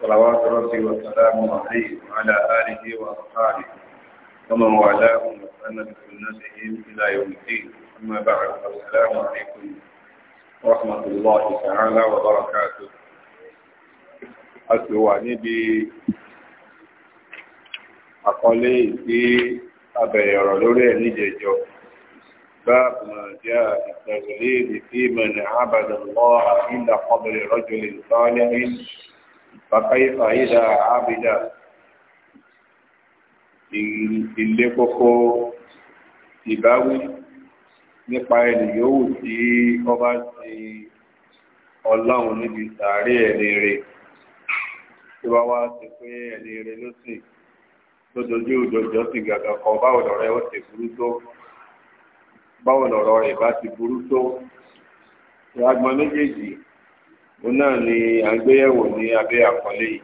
صلوات ربي وسلامه عليه وعلى آله وأصحابه ومن والاهم وسن بسنتهم إلى يوم الدين أما بعد السلام عليكم ورحمة الله تعالى وبركاته Àṣìwà níbi أقولي ìpí abẹ̀rẹ̀ ọ̀rọ̀ lórí ẹ̀ níjẹjọ. جاء máa في من عبد الله إلا قبل رجل صالح فكيف إذا عبد ilé kọ́kọ́ ìbáwí nípa ẹni yóò tí ọba ti ọláhun níbi sàárè ẹni rẹ̀ tí wá wá ti pé ẹni rẹ̀ ló sì lójojú òjòjò sì gàgà kan báwo lọ̀rọ̀ ẹ̀ ti burú tó báwo lọ̀rọ̀ ẹ̀ bá ti burú tó ìyàgbọ́n méjèèjì òun náà ni à ń gbéyẹ̀wò ní abẹ́ àkọlé yìí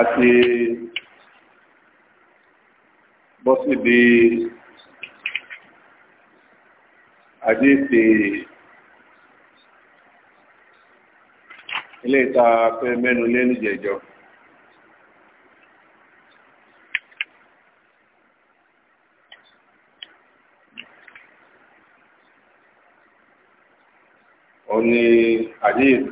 a ti bọ́ síbi àdéhìí ilé ìta fẹ́ mẹ́nu lé níjẹ̀jọ́. òun ni. حديث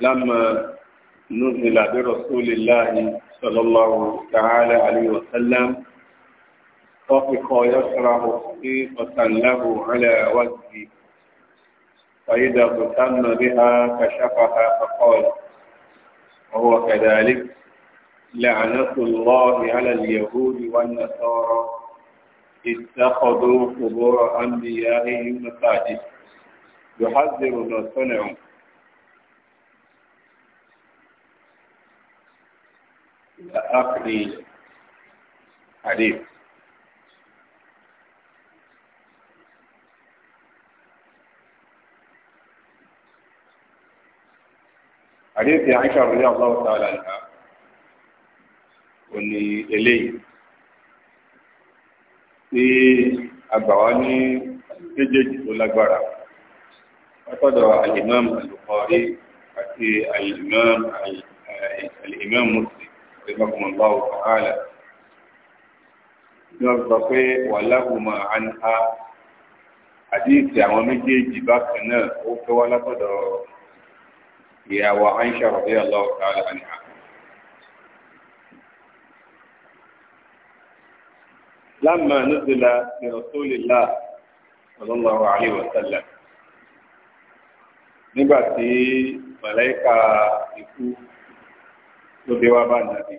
لما نزل برسول الله صلى الله تعالى عليه وسلم طفق يشرح حقيقة له على وجهه فإذا اغتم بها كشفها فقال وهو كذلك لعنة الله على اليهود والنصارى اتخذوا قبور أنبيائهم مساجد يحذر ما صنعوا اخر حديث حديث عائشة رضي الله تعالى عنها واللي إليه tí àgbàwá ní méjèèjì tó lágbára látọ̀dọ̀ alimam alukọ̀rí àti alimam alimam muslim rahimahumullahu ta'ala ní wọ́n sọ pé wàláhùmá àníhá àdíìsì àwọn méjèèjì bákan náà ó fẹ́ wá látọ̀dọ̀ ìyàwó Aisha radiyallahu ta'ala anha لما نزل برسول الله صلى الله عليه وسلم nígbà tí màláíkà ikú ló dé wá bá nàbí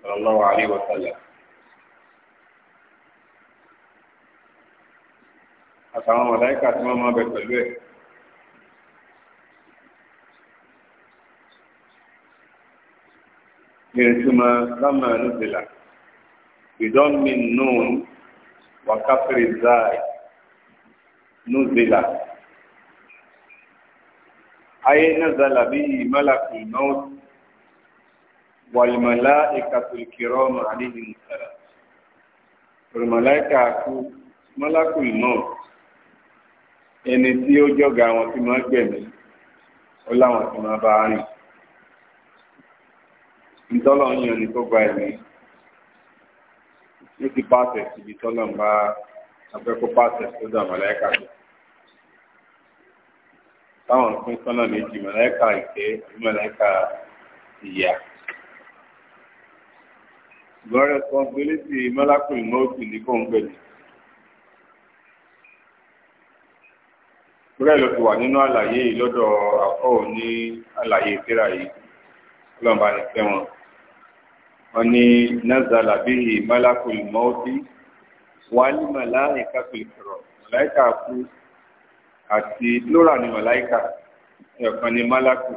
sallallahu alaihi wa sallam àtàwọn màláíkà tí wọ́n máa bẹ pẹ̀lú ẹ̀ ìrìntúmọ̀ lámà nùbìlà. بضم النون وكسر الزاي نزل أي نزل به ملك الموت والملائكة الكرام عليهم السلام الملائكة ملك الموت ẹni tí ó jọ̀gá àwọn tí máa gbẹ̀mí ó láwọn tí máa bá rìn ìtọ́lọ́ yàn ní tó gba ẹ̀mí ní ti pàṣẹ síbi tọ́lọ̀ ń bá afẹ́kọ́ pàṣẹ sódà màláìka tó táwọn pín sọ́nà méjì màláìka ìkẹ́ àbí màláìka ìyà. ṣùgbọ́n responsibility mọ́lákùnrin mọ́ọ̀tì ní kò ń gbẹ̀dẹ̀. bẹ́ẹ̀ ló ti wà nínú àlàyé yìí lọ́dọ̀ àkọ́ọ̀ ní àlàyé tíra yìí ọlọ́mọba ní fẹ́ ọni nazala bihi malakul mọ́ọ̀tì wàlí màláìka kìlìkìrọ̀ màláìka kú àti lóra ni màláìka ẹ̀kan ni malaku,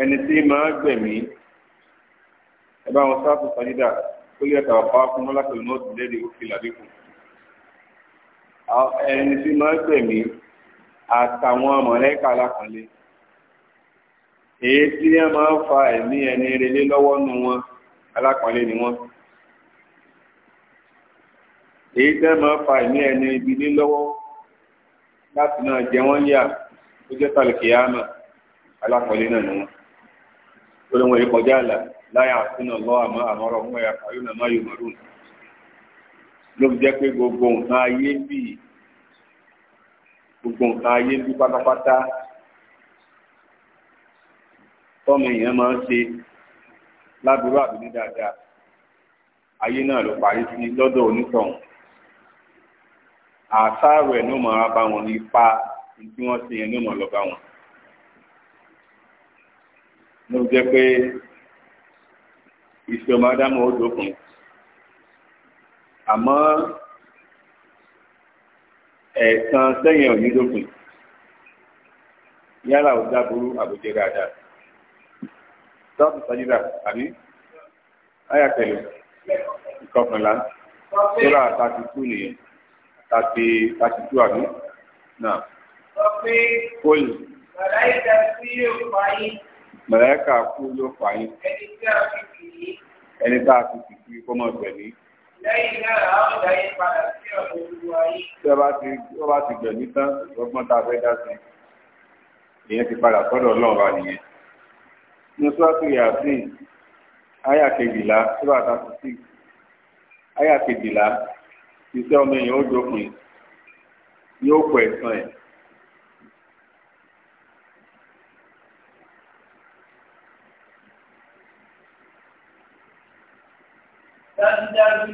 ẹni tí máa gbẹ̀mí ẹ bá wọn sáfù sàdídà ó lè tàwọn pa fún malakul mọ́ọ̀tì lẹ́ni òkè làbíkù ẹni tí máa gbẹ̀mí àtàwọn màláìka alákànlé. èyí tí ma máa fa ẹ̀mí ẹni relé lọ́wọ́ nù wọn alápọ̀nlé ni wọ́n èyí tí wọ́n máa fa ẹ̀mí ẹni ibi lé lọ́wọ́ láti náà jẹ wọ́n yà ó jẹ́ tàlùkìyàmà na náà ni wọ́n wọn kọjá àlà láyà àfihàn lọ́wọ́ àmọ́ àmọ́rọ̀ fún ẹ̀yà kàrí nàmá yóò mọ̀rún ló fi jẹ́ pé gbogbo nǹkan ayé bíi gbogbo nǹkan ayé pátápátá tọ́mọ èèyàn máa ń ṣe lábúrò àbínú dáadáa ayé náà ló parí sí lọ́dọ̀ onítọ̀hún àṣàrò ẹ̀ ló máa bá wọn ní ipa tí wọ́n ṣe yẹn ló máa lọ bá wọn. ló jẹ́ pé ìṣòro ádámù ó dókun àmọ́ ẹ̀ẹ̀kan sẹ́yìn ò ní dókun yálà ó dábúrú àbújẹ́ dáadáa sọ́ọ̀tù sàjídà àbí àyà pẹ̀lú ìkọkànlá sóra thirty two nìyẹn thirty thirty two àbí náà. kólì. màláìka kú yóò fà yín. màláìka kú yóò fà yín. ẹni tí a fi kì í. ẹni tí a fi kì í kọ́mọ̀ gbẹ̀mí. lẹ́yìn náà àwọn ọ̀dà yẹn padà sí ọ̀dọ̀ olúwa yín. tí a ti wọ́n ti gbẹ̀mí tán ọgbọ́n tá a fẹ́ dá sí ìyẹn ti padà sọ́dọ̀ ọlọ́run wa nìyẹn. nusratu yasin aya kejìlá sura thirty six aya kejìlá iṣẹ́ ọmọ èèyàn ó jókòó yóò kọ ẹ̀san ẹ̀.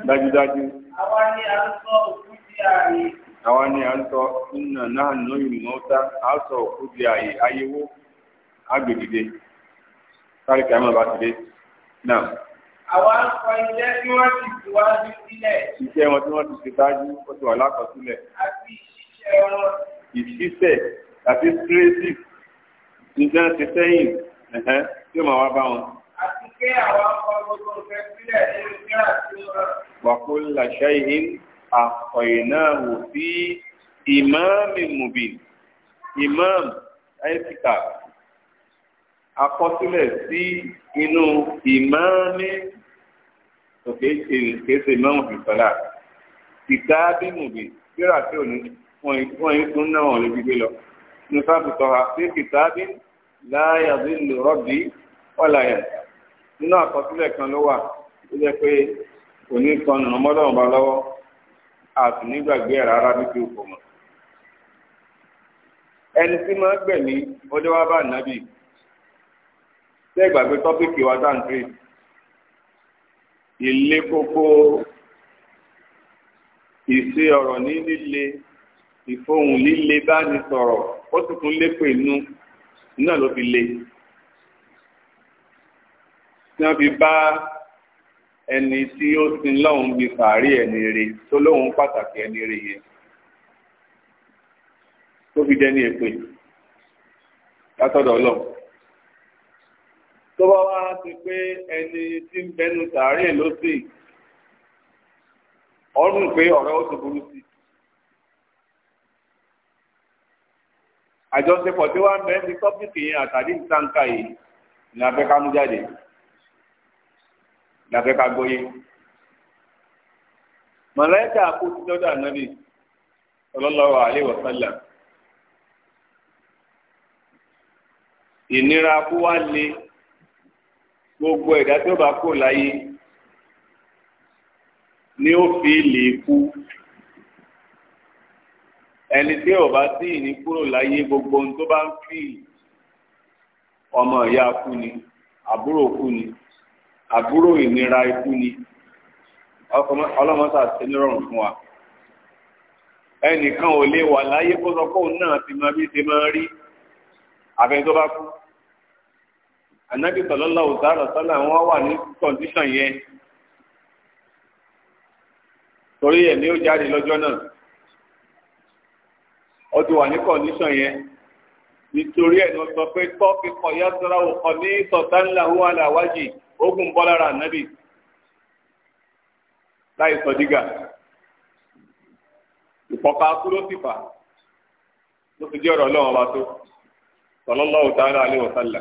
dájúdájú. àwa ni à ń sọ òkú di ààyè. àwa sáré kí a máa bá ti dé náà. àwa ń kọ iṣẹ́ tí wọ́n ti ti wá ní sílẹ̀. iṣẹ́ wọn tí wọ́n ti ti dájú ó ti wà lákọsílẹ̀. àti ìṣiṣẹ́ wọn. ìṣiṣẹ́ àti síréèsì ìjọ ti sẹ́yìn tí ó máa wá bá wọn. àti pé àwa kọ gbogbo nǹkan sílẹ̀ nínú ìjọ àti wọn. wàkúlà ṣẹ́yìn àkọ̀yìnà wò sí ìmáàmì mùbí ìmáàmì ẹ̀ẹ́sìkà àkọsílẹ̀ sí inú ìmáàmì òkè kéèsè mọ́mù fìfọ́lá ìta bímùbì síra tí ò ní wọ́n yín tún náà wọ́n lè gbígbé lọ ní sáàbù tọ́ha sí ìta bí láàyà bí lò rọ́bì ọ̀làyà nínú àkọsílẹ̀ kan ló wà ó jẹ́ pé kò ní kan nà mọ́dọ̀rùn bá lọ́wọ́ àti nígbàgbé ẹ̀ rárá bí kí o kò mọ̀ ẹni tí máa gbẹ̀mí ó dé bá nàbì tẹ́ ìgbàgbé tọ́pìkì wa dáńtì ilé kókó ìṣe ọ̀rọ̀ ní líle ìfohùn líle bá ní sọ̀rọ̀ ó sì tún lépè inú náà ló fi le tí wọ́n fi bá ẹni tí ó sin lọ́hùn bí sàárì ẹni rè tó lóhùn pàtàkì ẹni rè yẹn tó fi dẹni èpè látọ̀dọ̀ ọlọ́run tó bá wá ti pé ẹni tí ń bẹnu sàárè ló sì ọdún pé ọ̀rẹ́ ó ti burú sí. àjọṣepọ̀ tí wọ́n ń bẹ́ẹ̀ ti tọ́pìkì yẹn àtàdé ìtànkà yìí ni a fẹ́ ká mú jáde ni a fẹ́ ká kú sí dọ́dọ̀ ànábì sallallahu alaihi wasallam. ìnira kú wá lé gbogbo ẹ̀dá tí ó bá kó láyé ni ó fi lè kú ẹni tí ó bá sí ìní kúrò láyé gbogbo ohun tó bá ń fi ọmọ ìyá kú ni àbúrò kú ni àbúrò ìnira ikú ni ọlọ́mọta sí nírọ̀rùn fún wa ẹnìkan ò lè wà láyé kó sọ pé náà ti máa bí ṣe máa rí àfẹn tó bá kú anabi sọlọlọ ọtara sọlá wọn wà ní kọndíṣàn yẹn torí ẹ ní ó jáde lọ́jọ́ náà ó ti wà ní kọndíṣàn yẹn nítorí ẹ ní wọn sọ pé tọ́ọ̀kì kan yá sọ́ra òkọ ní sọ̀tánlá wọn àlàwájì ogun bọ́ lára anabi láì sọ dígà ìfọ̀ka kú ló sì fà ló fi jẹ́ ọ̀rọ̀ ọlọ́run ọba tó sọlọ́lọ́ ọ̀tara alẹ́ wọ̀sálà.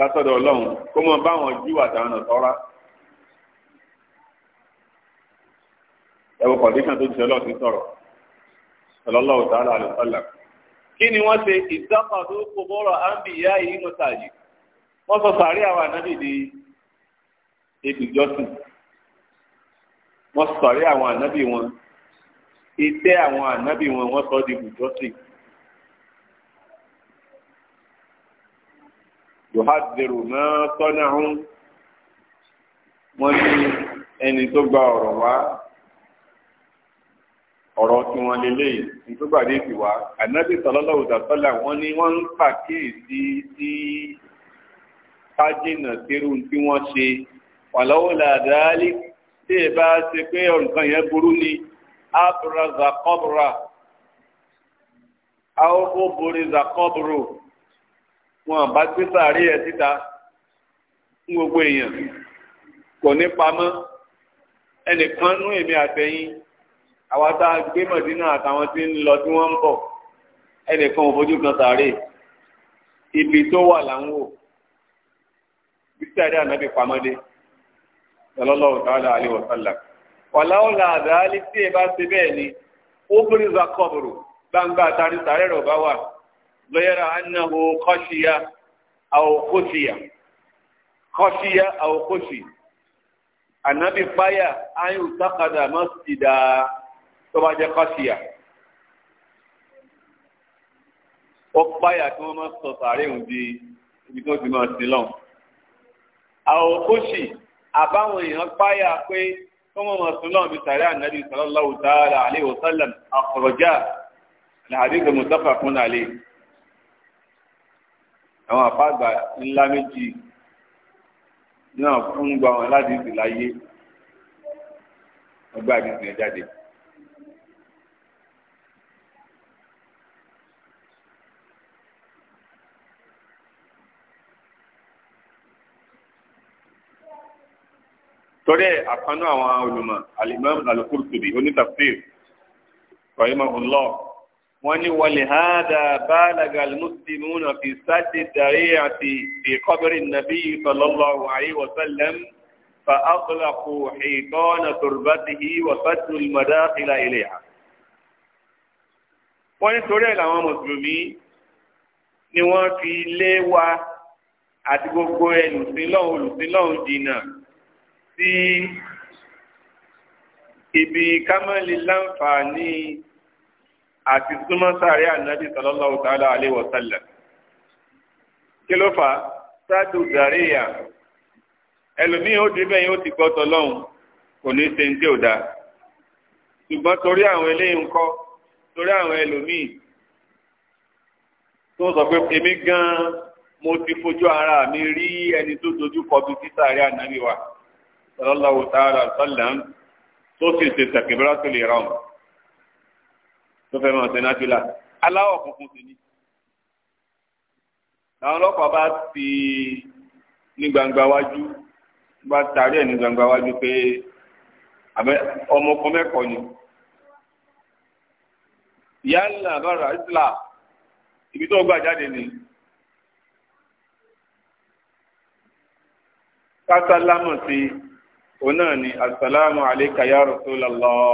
látọ̀dọ̀ ọlọ́run kó mọ báwọn jíwà táwọn ọ̀nà tọ́ra. ẹ̀wọ̀n kọ̀díṣàn tó ti sọ́lọ́ ti sọ̀rọ̀ sallallahu ta'ala alaihi wasallam. kí ni wọ́n ṣe ìdápàdó kòbọ́rọ̀ àǹbìyá yìí mọ́tàjì wọ́n sọ sàárè àwọn ànábì di ibùjọ́sìn wọ́n sọ sàárè àwọn ànábì wọn ìtẹ́ àwọn ànábì wọn wọ́n sọ di ibùjọ́sìn. yòhádìrò náà tọ́nà ọ̀hún wọ́n ní ẹni tó gba ọ̀rọ̀ wá ọ̀rọ̀ tí wọ́n lè lè ìtúgbàdé ti wá ànábì sallallahu alaihi wasallam wọ́n ní wọ́n ń pàkíyèsí sí tájìnà tírú tí wọ́n ṣe wàlọ́wọ́ làdáálí tí ẹ bá ṣe pé nǹkan yẹn burú ni abúra zakọ́bùra àwọn obìnrin zakọ́bùrò wọn bá gbé sàárè ẹ síta fún gbogbo èèyàn kò ní pamọ́ ẹnìkan nú èmi àtẹ̀yìn àwa tá a gbé mọ̀dínà àtàwọn tí ń lọ tí wọ́n ń bọ̀ ẹnìkan ò fojú kan sàárè ibi tó wà là ń wò bí sàárè ànábì pamọ́dé sallallahu ta'ala alaihi wa sallam wàláwọ̀lá àdáálí tí ẹ bá ṣe bẹ́ẹ̀ ni ó bírí zakọ́bùrù gbangba àtàrí sàárè rẹ̀ ò bá wà. غير أنه خشي أو خشي خشي أو خشي النبي بايا أن يعتقد مسجدا تبع خشية ó páyà kí wọ́n máa sọ sàárè òun di ibi tí wọ́n ti máa sin lọ́hùn. àwọn kóṣì àbáwọn èèyàn páyà pé kí wọ́n máa sin lọ́hùn bí sàárè ànábì sallallahu ta'ala alayhi wa sallam àkọ̀rọ̀jà làbí gbẹmùsáfà fún nàlẹ́ àwọn àfáàgbà ńlá méjì náà fún gba wọn láti ìsìn láyé wọn gbé àdìsìn yẹn jáde. torí àkànnú àwọn olùmọ̀ alimam al-Qurtubi onítàfsir rahimahullah wọ́n ní wọlé hádà bálaga almuslimuna fi sáti dàrí àti fi qabri nàbí sallallahu alayhi wa sallam fa aghlaqu hitana turbatihi wa fathu al-madakhila ilayha. wọ́n ní torí ẹ̀ làwọn mùsùlùmí ni wọ́n fi lé wa àti gbogbo ẹlùsílọ́hùn olùsílọ́hùn dìnnà sí ibi kámẹ́lì láǹfààní àti súnmọ́ sáré ànábì sallallahu ta'ala alaihi wa sallam. kí ló fà á sáàtù zaria ẹlòmíín ó débẹ̀ yóò ti gbọ́ tọlọ́hún kò ní ṣe ń dé òdà ṣùgbọ́n torí àwọn eléyìí ń kọ́ torí àwọn ẹlòmíín tó sọ pé èmi gan-an mo ti fojú ara mi rí ẹni tó dojú kọ bí títà rí ànábì wa sallallahu ta'ala sallam tó sì ṣe tàkìbíra tó lè ra wọn tó fẹ́ máa sẹ́nà fìlà aláwọ̀ funfun sì ni làwọn ọlọ́pàá bá ti ní gbangba wájú bá tarí ẹ̀ ní gbangba wájú pé ọmọ ọkọ mẹ́kọ̀ọ́ ni yálà lọ́ra isla ibi tó gbà jáde ni kásálámù sí òun náà ni asàlámù alayka ya Rasulullah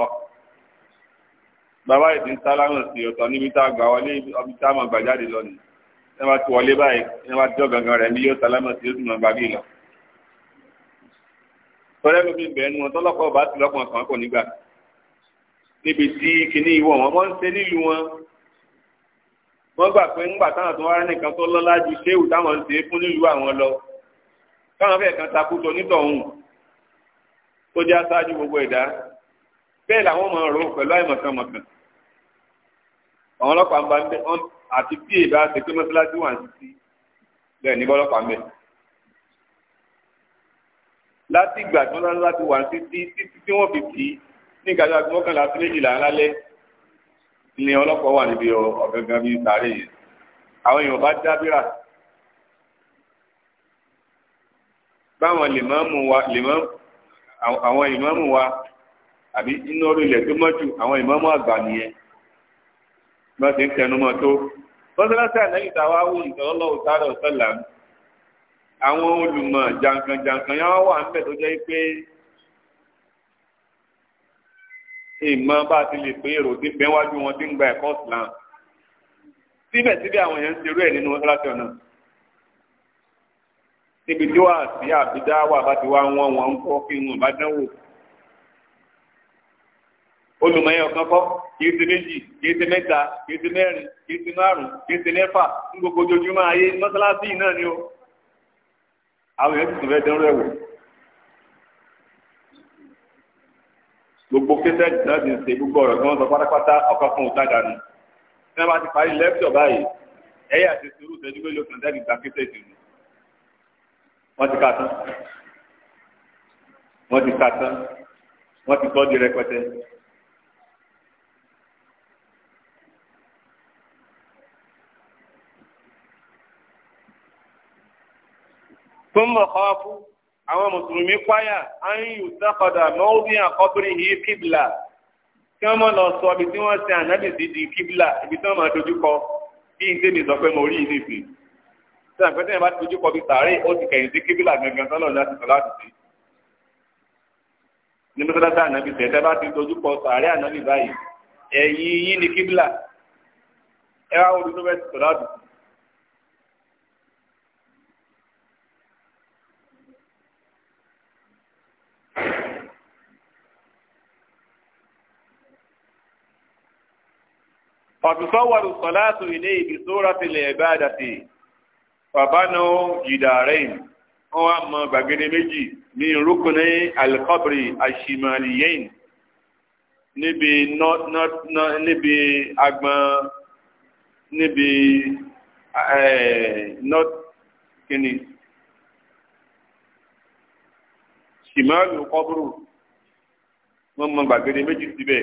bàbá yìí ti ń sálámù sí ọ̀tọ̀ níbi tá a gbà wọlé ibi tá a mọ̀ gbàjáde lọ ni ẹ bá ti wọlé báyìí ẹ bá jọ gangan rẹ̀ ní yóò sálámù sí yóò tún mọ̀ gbàgbé lọ. tọ́lẹ́ ló fi bẹ̀ẹ́ nu wọn tọ́lọ́pọ̀ bá ti lọ́pọ̀ kan kò nígbà níbi tí kinní ìwọ̀ wọn wọ́n ń ṣe nílùú wọn wọ́n gbà pé ńgbà táwọn tó wá nìkan tó lọ́lá ju séwù táwọn ń ṣe fún nílùú àwọn lọ káwọn fẹ́ẹ̀ kan takútọ bẹ́ẹ̀ làwọn máa rò pẹ̀lú àìmọ̀kànmọ̀kàn àwọn ọlọ́pàá ń bá ń bẹ àti bí èbá ṣe pé mọ́ṣáláṣí wà ń sí bẹ́ẹ̀ ní bọ́lọ́pàá ń bẹ. láti ìgbà tí wọ́n lọ́nà láti wà ń sí títí tí wọ́n fi kì í ní ìgbàjọ́ àti mọ́kànlá sí méjìlá lálẹ́ ni ọlọ́pàá wà níbi ọ̀gángan bíi sáré yẹn àwọn èèyàn bá dábìrà báwọn lèmọ́ọ̀mù wa lèmọ́ọ̀mù àwọn ìmọ̀ọ́mù wa àbí inú orí ilẹ̀ tó mọ́jú àwọn ìmọ̀ọ́mù àgbà nìyẹn bá ti ń tẹnumọ́ tó mọ́sálásí ànábì táwa wù ìtọ́lọ́wọ́ sáré ọ̀sọ́là àwọn olùmọ̀ jàǹkànjàǹkàn yẹn wà ń bẹ̀ tó jẹ́ pé ìmọ̀ bá ti lè pé èrò tí bẹ́ẹ̀ wájú wọn ti ń gba ẹ̀kọ́ Islam síbẹ̀síbẹ̀ àwọn èèyàn ń ṣerú ẹ̀ nínú mọ́sálásí ọ̀nà níbi tí wàá sí àbídá wà bá ti wá wọn wọn ń kọ́ kí wọn bá dánwò olùmọ̀yẹ ọ̀kan kọ́ kì í ṣe méjì kì í ṣe mẹ́ta kì í ṣe mẹ́rin kì í ṣe márùn kì í ṣe mẹ́fà ní gbogbo ojoojúmọ́ ayé mọ́sálásí náà ni ó àwọn èèyàn tuntun fẹ́ dánrọ́ ẹ̀wọ̀ gbogbo kẹsẹ̀ náà ti ń ṣe gbogbo ọ̀rọ̀ tí wọ́n sọ pátápátá ọ̀kan fún òun tága nù tí wọ́n bá ti parí lẹ́kítọ̀ báyìí ẹ̀yà ti sùúrù tẹ́jú pé lókàn dẹ́bi gba kẹsẹ̀ ti nù wọ́n ti ká tán wọ́n ti ká tán wọ́n ti tọ́ di rẹpẹtẹ. túnbọ̀ kọ́ọ̀fù àwọn mùsùlùmí kwaya ayíyù sákọ̀dà mọ́ọ́bí àkọ́bìrì yìí kíbìlà kí wọ́n mọ̀ lọ sọ ibi tí wọ́n ṣe ànábì sí di kíbìlà ibi tí wọ́n máa dojú kọ n tèmi sọ pé mo rí ìfì tí bá bí sàárè ó ti kẹ̀yìn sí kíbìlà gangan tọ́lọ̀ láti sọ láti fàtúsọ́wọ́rù sọ́láàtù ilé ibi sóràtì lè bá dàtì fàbánà jìdàrẹ́yìn wọn wá mọ gbàgede méjì ní rúkúnní alikọ́bìrì àṣìmàlìyẹ́yìn níbi níbi agbọn níbi north kini ṣìmàlù kọ́bùrù wọn mọ gbàgede méjì síbẹ̀.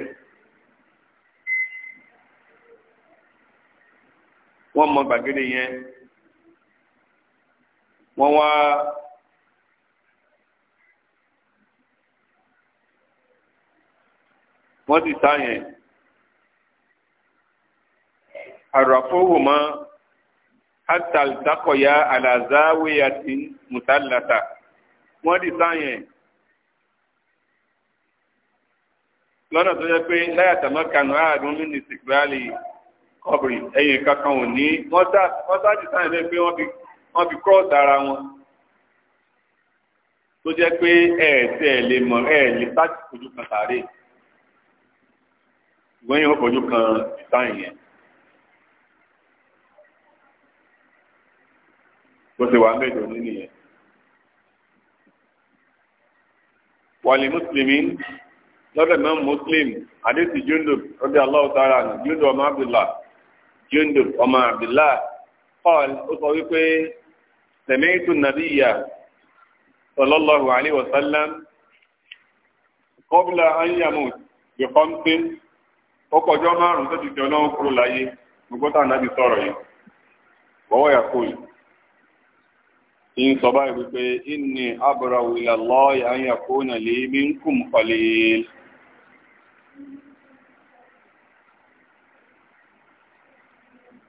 wọ́n mọ gbàgede yẹn wọ́n wá wọ́n ti sá yẹn àràfóhù mọ́ hatal takọ̀yà àlàzáwéyàtì mùsàlàtà wọ́n ti sá yẹn lọ́nà tó yẹ pé láyàtàmọ́ kanu àádùn mínísítì gbáàlì yìí kọ́bìrì ẹ̀yìn kankan ò ní wọ́n sáàjì sáyẹn lẹ́yìn pé wọ́n fi kọ́ọ̀sì ara wọn tó jẹ́ pé ẹ̀ẹ́dẹ́ ẹ̀ lè mọ̀ ẹ̀ lè sáàjì fojú kan sáré ìwọ́n yẹn ó fojú kan sáyẹn yẹn. bó ṣe wà mẹ́jọ nínú yẹn. wàlí mùsùlùmí lọ́dọ̀ mẹ́rin mùsùlùmí adéṣì júndùb rọ́bì aláwọ̀ sára ní júndùb ọmọ abdullah jundub ọmọ abdullah paul ó sọ wípé sẹ̀mẹ́tù nàbíyà sallallahu alayhi wa anya kọ́bùlà anyamu ìkọ́mtí ó kọjọ́ márùn-ún tó ti jọ kúrò láyé gbogbo nàbí sọ̀rọ̀ yìí wọ́wọ́ yà kó yìí sọ báyìí wípé inni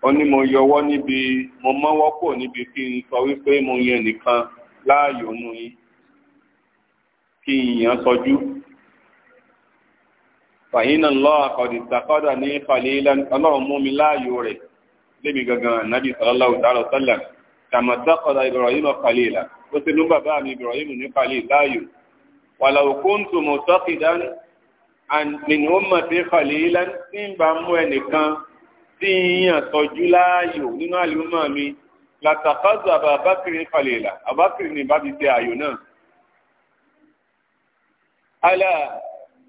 ó ní mo yọwọ́ níbi mo mọ́wọ́ kò níbi kí n sọ wípé mo yẹn nìkan láàyò nù yín kí n yàn sọjú fàyínà lọ àkọ̀dì ìtàkọ́dà ní ìfàlẹ́ ọlọ́run mú mi láàyò rẹ̀ lébi gangan ànábì sallallahu ta'ala sallam tàmàtàkọ̀dà Ibrahim ọ̀kàlẹ́ ìlà ó ti lú bàbá mi Ibrahim ní kàlẹ́ láàyò wàlàwò kóńtù mọ̀tọ́kìdá min ummati khalilan tí ń bá mú ẹnìkan tí yíyan tọ́jú láàyò nínú àlùmọ́ mi látàkàzù àbàbákiri falẹ̀là àbákiri ní bábi tẹ àyò náà. alá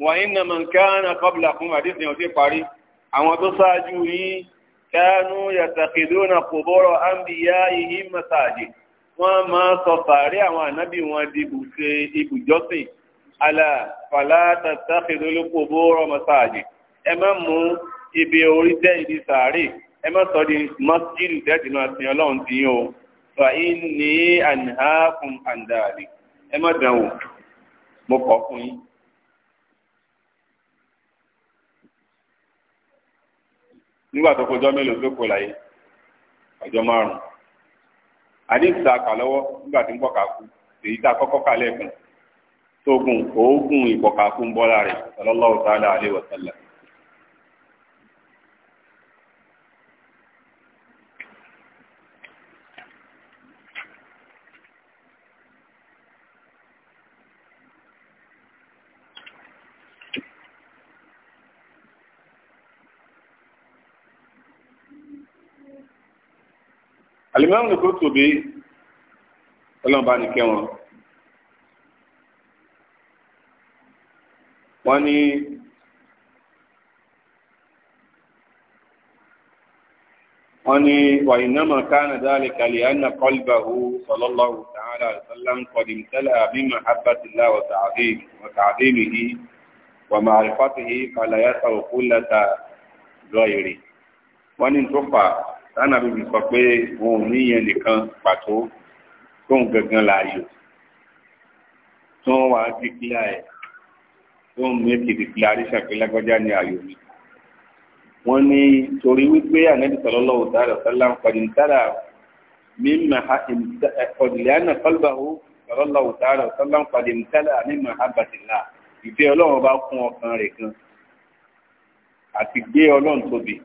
wà iná mọ̀ káàna kọ́bùlà fún àdéhùn yẹn ti parí àwọn tó ṣáájú yín kánú yàtàkìdónà kò bọ́rọ̀ ámbìyá yìí mọ́sáàjì wọ́n máa sọ sàárè àwọn ànábì wọn di ibùsè ibùjọ́sìn alá fàlá tàtàkìdónà kò bọ́rọ̀ mọ́sáàjì ẹ má mú ibi orí jẹ́ ìdí sàárè ẹ má sọ di mọ́síjìlì tẹ́tì máa sin ọlọ́run tí yín o fa inni anhaakum àǹdàlè ẹ má dàn mo kọ̀ fún yín. nígbà tó mélòó tó kọ láyé márùn nígbà tí ń kú èyí tá a kọ́kọ́ kà lẹ́ẹ̀kan tógun òógùn ìpọ̀ka kú ń alimami ni kò tóbi Ọlọ́run bá ní kẹ́ wọn wọ́n ní wọ́n ní wàyínàmà kánà dáàlì kàlí ànà kọlbàhù sallallahu ta'ala sallam kọdìm tẹlẹ àbí mahabbatillah wa ta'adimihi wa ma'rifatihi fàlàyà sàwòkúlẹta lọ ìrì wọ́n ní tó fà sánà bíbí sọ pé òun ò níyẹn nìkan pàtó tóun gangan láàyò tó ń wà á ti kílà ẹ̀ tó ń méjì declaration pé lágbájá ni ààyò mi wọ́n ní torí wípé ànábì sallallahu ta'ala sallam qadintara mímà ọ̀dìlẹ́ànà qalbahu sallallahu ta'ala sallam qadintara mímà habbatilla ìfẹ́ ọlọ́run bá kún ọkàn rẹ̀ gan àti gbé ọlọ́run tóbi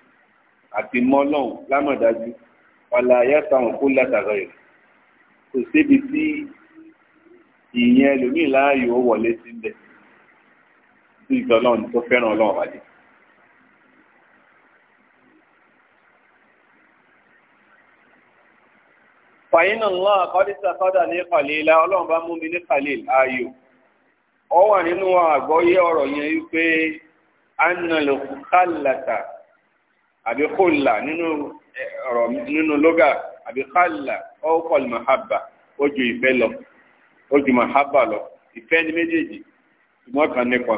àti mọ́lọ́hùn lámọ̀dájú wàlá yẹ́sàwọn kó látàrọ rẹ̀ kò sébi tí ìyẹn ẹlòmíì láàyò ó wọlé sí ń bẹ̀ sí ìtọ́lọ́run tó fẹ́ràn ọlọ́run wájú. fàyínà ńlá àkọ́dísà kọ́dà ní kàlílá ọlọ́run bá mú mi ní kàlíl ayò ọ wà nínú àgbọ́yé ọ̀rọ̀ yẹn wípé annalùkálàtà àbí kólà nínú ọ̀rọ̀ nínú lóga àbí kálà ọ̀kọ̀l mahaba ó ju ìfẹ́ lọ ó ju mahaba lọ ìfẹ́ ni méjèèjì ṣùgbọ́n kan nípa.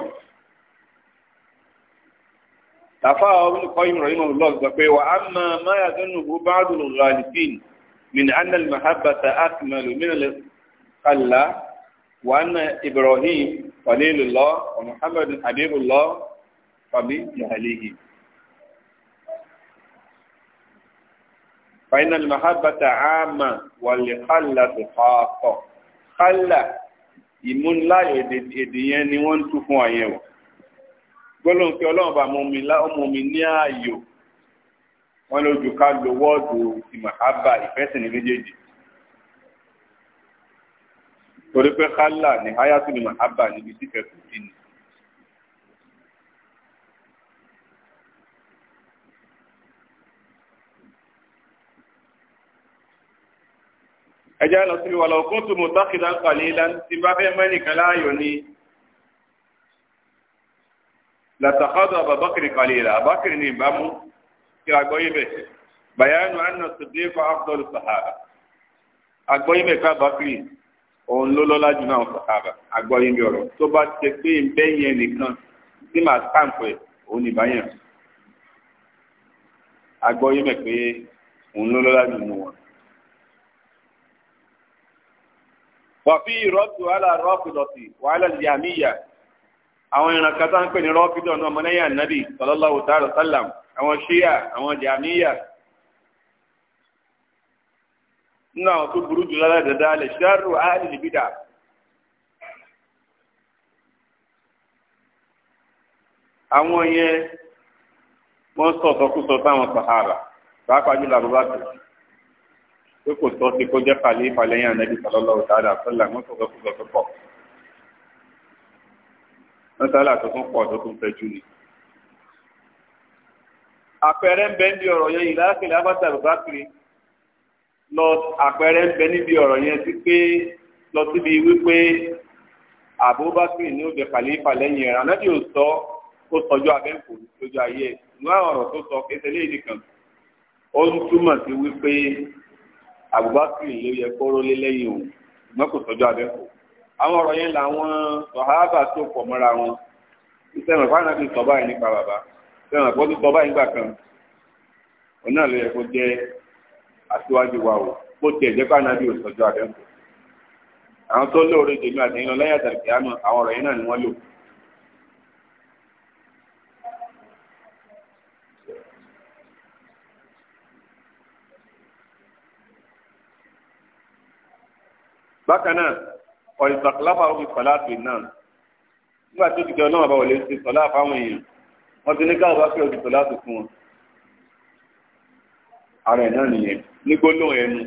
Tàfà ọ̀hún kọ́ ìmọ̀ràn nínú lọ́ọ̀ sọ pé wà á mọ máyà tó nù bá dùn ràlìfín min anna al-mahabbata akmalu min al-khala wa anna Ibrahim qalilullah wa Muhammadun habibullah fa bi jahlihi. فإن المحبة عامة والخلة خاصة خلة ìmúláyò لا yẹn ni wọ́n ń قولون fún àyẹ̀wò gbólóhùn pé ọlọ́run bá mú mi ọmọ mi ní ààyò wọ́n lójú ká lo wọ́ọ̀dù ti màhábà méjèèjì torí pé kálà ní háyàtú ni níbi tí fẹ́ kù sí ni ẹjá lọ sí wàlọ́ kún tó mọ̀ tákìdá kàlí lan tí bá fẹ́ mọ́ ẹnìkan láàyò ni làtàkọ́dọ̀ àbàbákìrì kàlí la àbákìrì ní ìbámu kí a gbọ́ yé bẹ̀ bayanu anna sadiqa afdol sahaba a gbọ́ yé bẹ̀ ká bákìrì òun ló lọ́lá jù sahaba a gbọ́ yé bẹ̀ ọ̀rọ̀ tó bá ti pé bẹ́yẹn nìkan tí màá tàǹpẹ̀ òun nìbáyẹn a gbọ́ yé bẹ̀ pé òun ló lọ́lá jù nù wọn. wàfi ìrọ́tù alárọ́fìdọ̀tì wàhálà ìyàmíyà àwọn ìran kan tá ń pè ní rọ́fìdọ̀ náà ọmọlẹ́yìn ànábì sallallahu ta'ala sallam àwọn ṣíà àwọn jàmíyà nínú àwọn tó burú jù lọ́la dada lè ṣẹ́rù àìlèbídà. àwọn yẹn wọ́n sọ̀tọ̀kùsọ táwọn sàhárà pàápàá jùlọ àbúrò àtẹ̀sí pé kò tọ́ sí kó jẹ́ kàlífà lẹ́yìn ànábì sallallahu ta'ala sọ́là wọ́n sọ̀rọ̀ fúnfẹ́ tó pọ̀ mọ́sálà tó tún pọ̀ tó tún fẹ́ jù ni. àpẹẹrẹ ń bẹ níbi ọ̀rọ̀ yẹn ìlàkìlẹ̀ abáta bàbákiri lọ àpẹẹrẹ ń bẹ níbi ọ̀rọ̀ yẹn sí pé lọ síbi wípé àbúbákiri ni ó jẹ́ kàlífà lẹ́yìn ẹ̀rọ ànábì ò sọ ó sọjọ́ abẹ́ǹkò lójú ayé ẹ̀ ìwé ọ̀rọ̀ tó sọ kéṣe lé nìkan ó ń túmọ̀ sí wípé Abubakar ló yẹ kóró lé lẹ́yìn òun ṣùgbọ́n kò tọ́jú abẹ́kọ̀ àwọn ọ̀rọ̀ yẹn làwọn sọ̀hábà tó pọ̀ mọ́ra wọn sẹ́wọ̀n fáwọn àti sọ báyìí nípa bàbá sẹ́wọ̀n àpọ́tù sọ báyìí nígbà kan òun náà ló yẹ kó jẹ́ aṣíwájú wa o bó tiẹ̀ jẹ́ fáwọn àti òṣọ́jọ́ abẹ́kọ̀ àwọn tó lóore jèmi àtẹ̀yìn lọ lẹ́yìn àtàlùkẹ́ àwọn ọ̀rọ̀ yẹn náà ni wọ́n lò bákan náà ọ̀ìsàkùláfà ó fi sọ̀lá àti náà nígbà tó ti jẹ́ ọlọ́run àbáwọlé ti sọ̀lá àfáwọn èèyàn wọ́n ti ní káwọn bá fẹ́ òdì sọ̀lá àti fún wọn. ara ẹ̀ náà nìyẹn ní gbólóhùn ẹnu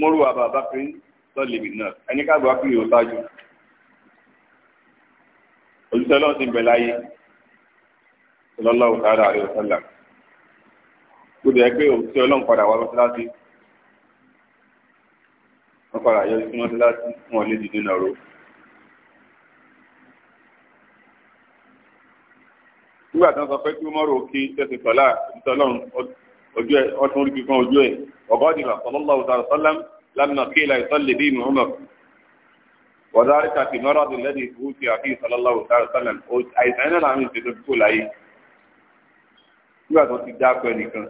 mọ́rù àbá bákiri sọ́ọ̀lì náà ẹni káwọn bá kiri ó ṣáájú. òṣìṣẹ́ ọlọ́run ti bẹ̀ láyé sallallahu ta'ala alaihi wasallam gbọ́dọ̀ ẹ pé ọlọ́run padà wá lọ́sọ́lá wọ́n padà yọ sí mọ́sálásí wọn lè dìde náà ro. nígbà tí wọ́n sọ pé kí mọ́rò kí tẹ̀sí sọ́lá ìtọ́lọ́run ojú ẹ̀ ọtún orí kíkan ojú ẹ̀ ọgọ́dì rà sallallahu ta'ala sallam lámìnà kí ilà ìsọ́lẹ̀ bí ìmọ̀ ọmọ wọ́dárí kàfi mọ́rọ̀ àti lẹ́dí ìfowó ti àfi sallallahu ta'ala sallam àìsàn náà làwọn ìṣètò kúkú láyé nígbà tí ti dá pẹ́ nìkan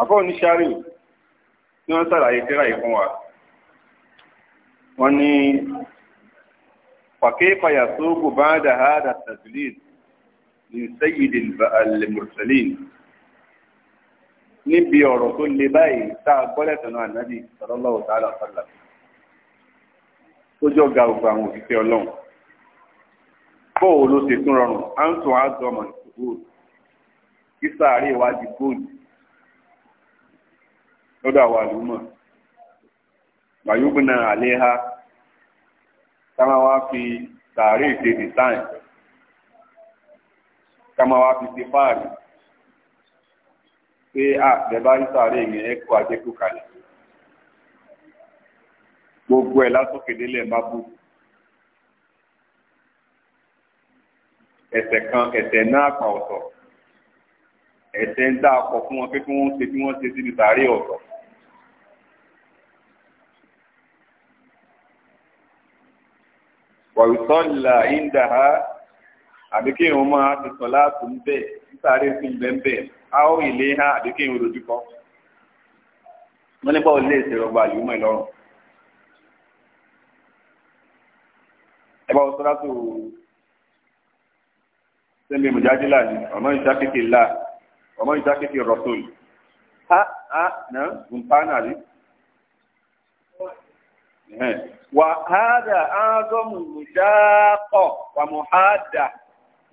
àbọ̀ oníṣàárì tí wọ́n sàlàyé tírà yìí fún wa wọ́n ní فكيف يسوق بعد هذا التدليل من سيد المرسلين níbi ọ̀rọ̀ tó le báyìí tá a gbọ́ lẹ́tọ̀ọ́ náà nàbì sallallahu ta'ala sallam tó jọ ga ògbà àwọn òṣìṣẹ́ ọlọ́run góòlù lọ́dọ̀ àwọn àlùmọ̀ gbàyógbìnà àléhà táwọn wá fi sàárè ṣe design kama wa fi ti fáàrí pé à bẹ̀bá ń sáré ìyẹn ẹ̀kọ́ àjẹkù kalẹ̀ gbogbo ẹ̀ lásòkè délẹ̀ má bú ẹsẹ̀ kan ẹsẹ̀ náà pa ọ̀tọ̀ ẹsẹ̀ ń dá ọkọ̀ fún wọn pé kí wọ́n ṣe bí wọ́n ṣe síbi sáré ọ̀tọ̀ wàwùsọ́lá ìndàhà àbíkí ìhun máa ti sọ láti ń bẹ̀ nítorí sí ń bẹ̀ ń bẹ̀ á ó ilé ha àbíkí ìhun lójúkọ. wọ́n ní báwo lè ṣe rọgbà yìí mọ̀ ìlọrùn. ẹ bá wọ sọ́dá tó sẹ́mi mùjájìlá ni ọmọ ìjà kékeré là ọmọ ìjà kékeré rọ̀tòlì. ha ha náà gùn pa rí. وهذا أعظم مشاقة ومحادة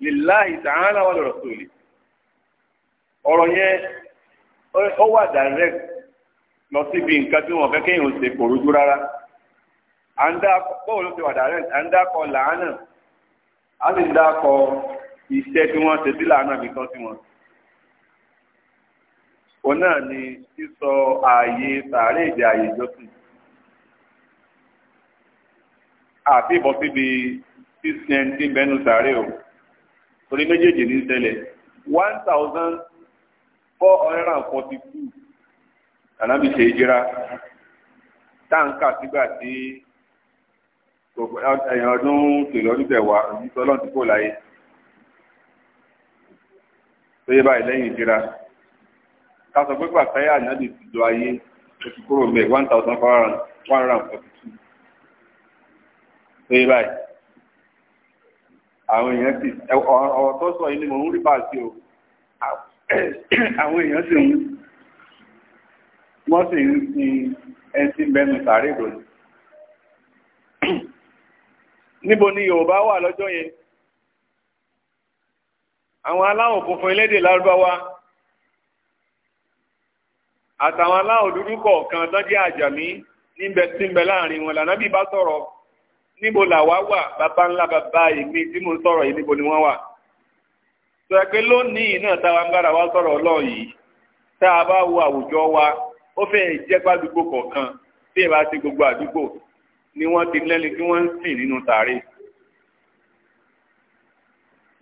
لله تعالى ولرسوله Ọrọ yẹn ó wà direct lọ síbi nǹkan tí wọ́n fẹ́ kéèyàn ṣe kò rújú rárá bóòlù wà direct à ń làánà á sì ń iṣẹ́ tí wọ́n ṣe sí làánà bí tán sí wọn. òun náà ni sísọ ààyè tààrí èdè ààyè ìjọsìn àti ìbọ̀ síbi six nineteen bẹ́nu sàárè o torí méjèèjì ní ṣẹlẹ̀ one thousand four hundred and forty two ànábì ṣe ìjìra táǹkà sígbà tí ẹ̀yàn ọdún kìlọ̀ ọdún tẹ̀wá ìjísọ́ ọlọ́run ti kò láyé tó yẹ báyìí lẹ́yìn ìjìra ká sọ pé pàtàkì ànábì ti lọ ayé oṣù kúrò mẹ́ one thousand four hundred and forty two. pé báyìí àwọn èèyàn sì ọ̀rọ̀ tó sọ ni mò ń rí báàsì o àwọn èèyàn sì ń ìròyìn níbo ni Yorùbá wà lọ́jọ́ yẹn àwọn aláwọ̀ funfun elédè lárúbáwá àtàwọn aláwọ̀ dúdú kọ̀ọ̀kan tó àjàmí níbẹ̀ tí ń bẹ láàrin wọn lànà bá sọ̀rọ̀ níbo làwa wà bàbá ńlá bàbá èmi tí mo sọ̀rọ̀ yìí níbo ni wọ́n wà. sọ̀rọ̀ pé lónìí náà táwa ń bára wa sọ̀rọ̀ ọlọ́run yìí tá a bá wo àwùjọ wa ó fẹ́ẹ́ jẹ́ gbàdúgbò kọ̀ọ̀kan tí ìbá ti gbogbo àdúgbò ni wọ́n ti lẹ́ni tí wọ́n ń sìn nínú tààrí.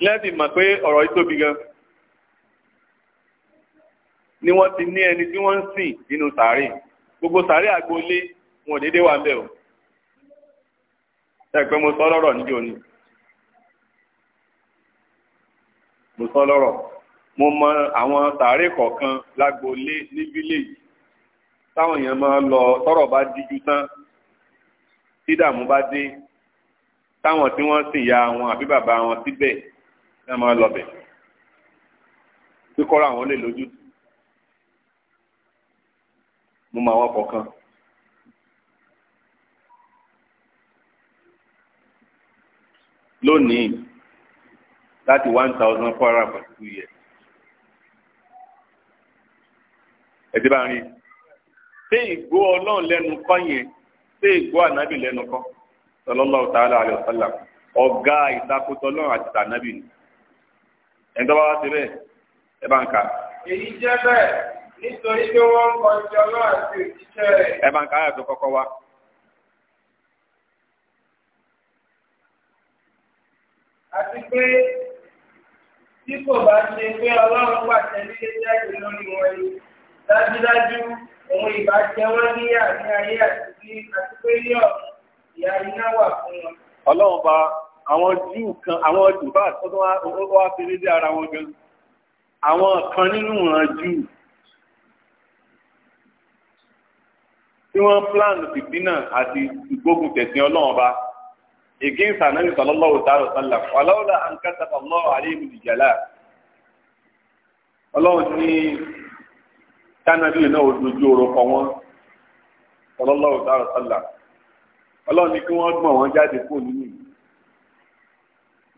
lẹ́sìn mọ̀ pé ọ̀rọ̀ yìí tóbi gan ni wọ́n ti ní ẹni tí wọ́n ń sìn nínú tààrí gbogbo tààrí àgbolé wọn ò ẹgbẹ́ mo sọ lọ́rọ̀ níjọ́ ni mo sọ lọ́rọ̀ mo mọ àwọn sàárè kọ̀ọ̀kan lágboolé ní village táwọn èèyàn máa lọ tọ́rọ̀ bá díjú tán tídààmú bá dé táwọn tí wọ́n sìn ya wọn àbí bàbá wọn síbẹ̀ ní a máa lọ bẹ̀ kíkọ́ra àwọn lè lójú mo mọ àwọn kọ̀ọ̀kan. lónìí láti one thousand four hundred forty two years ẹ̀dí bá ń rí ṣé ìgbó ọlọ́run lẹ́nu kọ́ yẹn ṣé ìgbó ànábì lẹ́nu kọ́ sallallahu ta'ala alaihi wasallam ọ̀gá ìtakùtọ̀ ọlọ́run àti tànábì ni ẹ̀ńtọ́ bá wá sí bẹ́ẹ̀ ẹ bá ń kà. èyí jẹ́ bẹ́ẹ̀ nítorí pé wọ́n ń kọjú ọlọ́run àti òjíṣẹ́ rẹ̀. ẹ bá ń kà á yàtọ̀ kọ́kọ́ wá. àti pé tí kò bá ṣe pé ọlọ́run pàṣẹ lílé jáde lórí wọn ni dájúdájú òun ìbá jẹ wọ́n níyà ní ayé àti bí àti pé yọ ìyá iná wà fún wọn. ọlọ́run bá àwọn júù kan àwọn jùbá tó wá fi lédè ara wọn gan àwọn kan nínú wọn júù tí wọ́n plan fìdínà àti ìgbógun tẹ̀sìn ọlọ́run bá. against anabi sallallahu alaihi wa sallam wàlọ́wọ́lá àǹkàtà ọlọ́wọ́ àríyìn ìjàlá ọlọ́wọ́ ní kánábì wọn sallallahu alaihi wa Ni, ọlọ́wọ́ ní kí wọ́n gbọ̀n wọn jáde n'i nínú yìí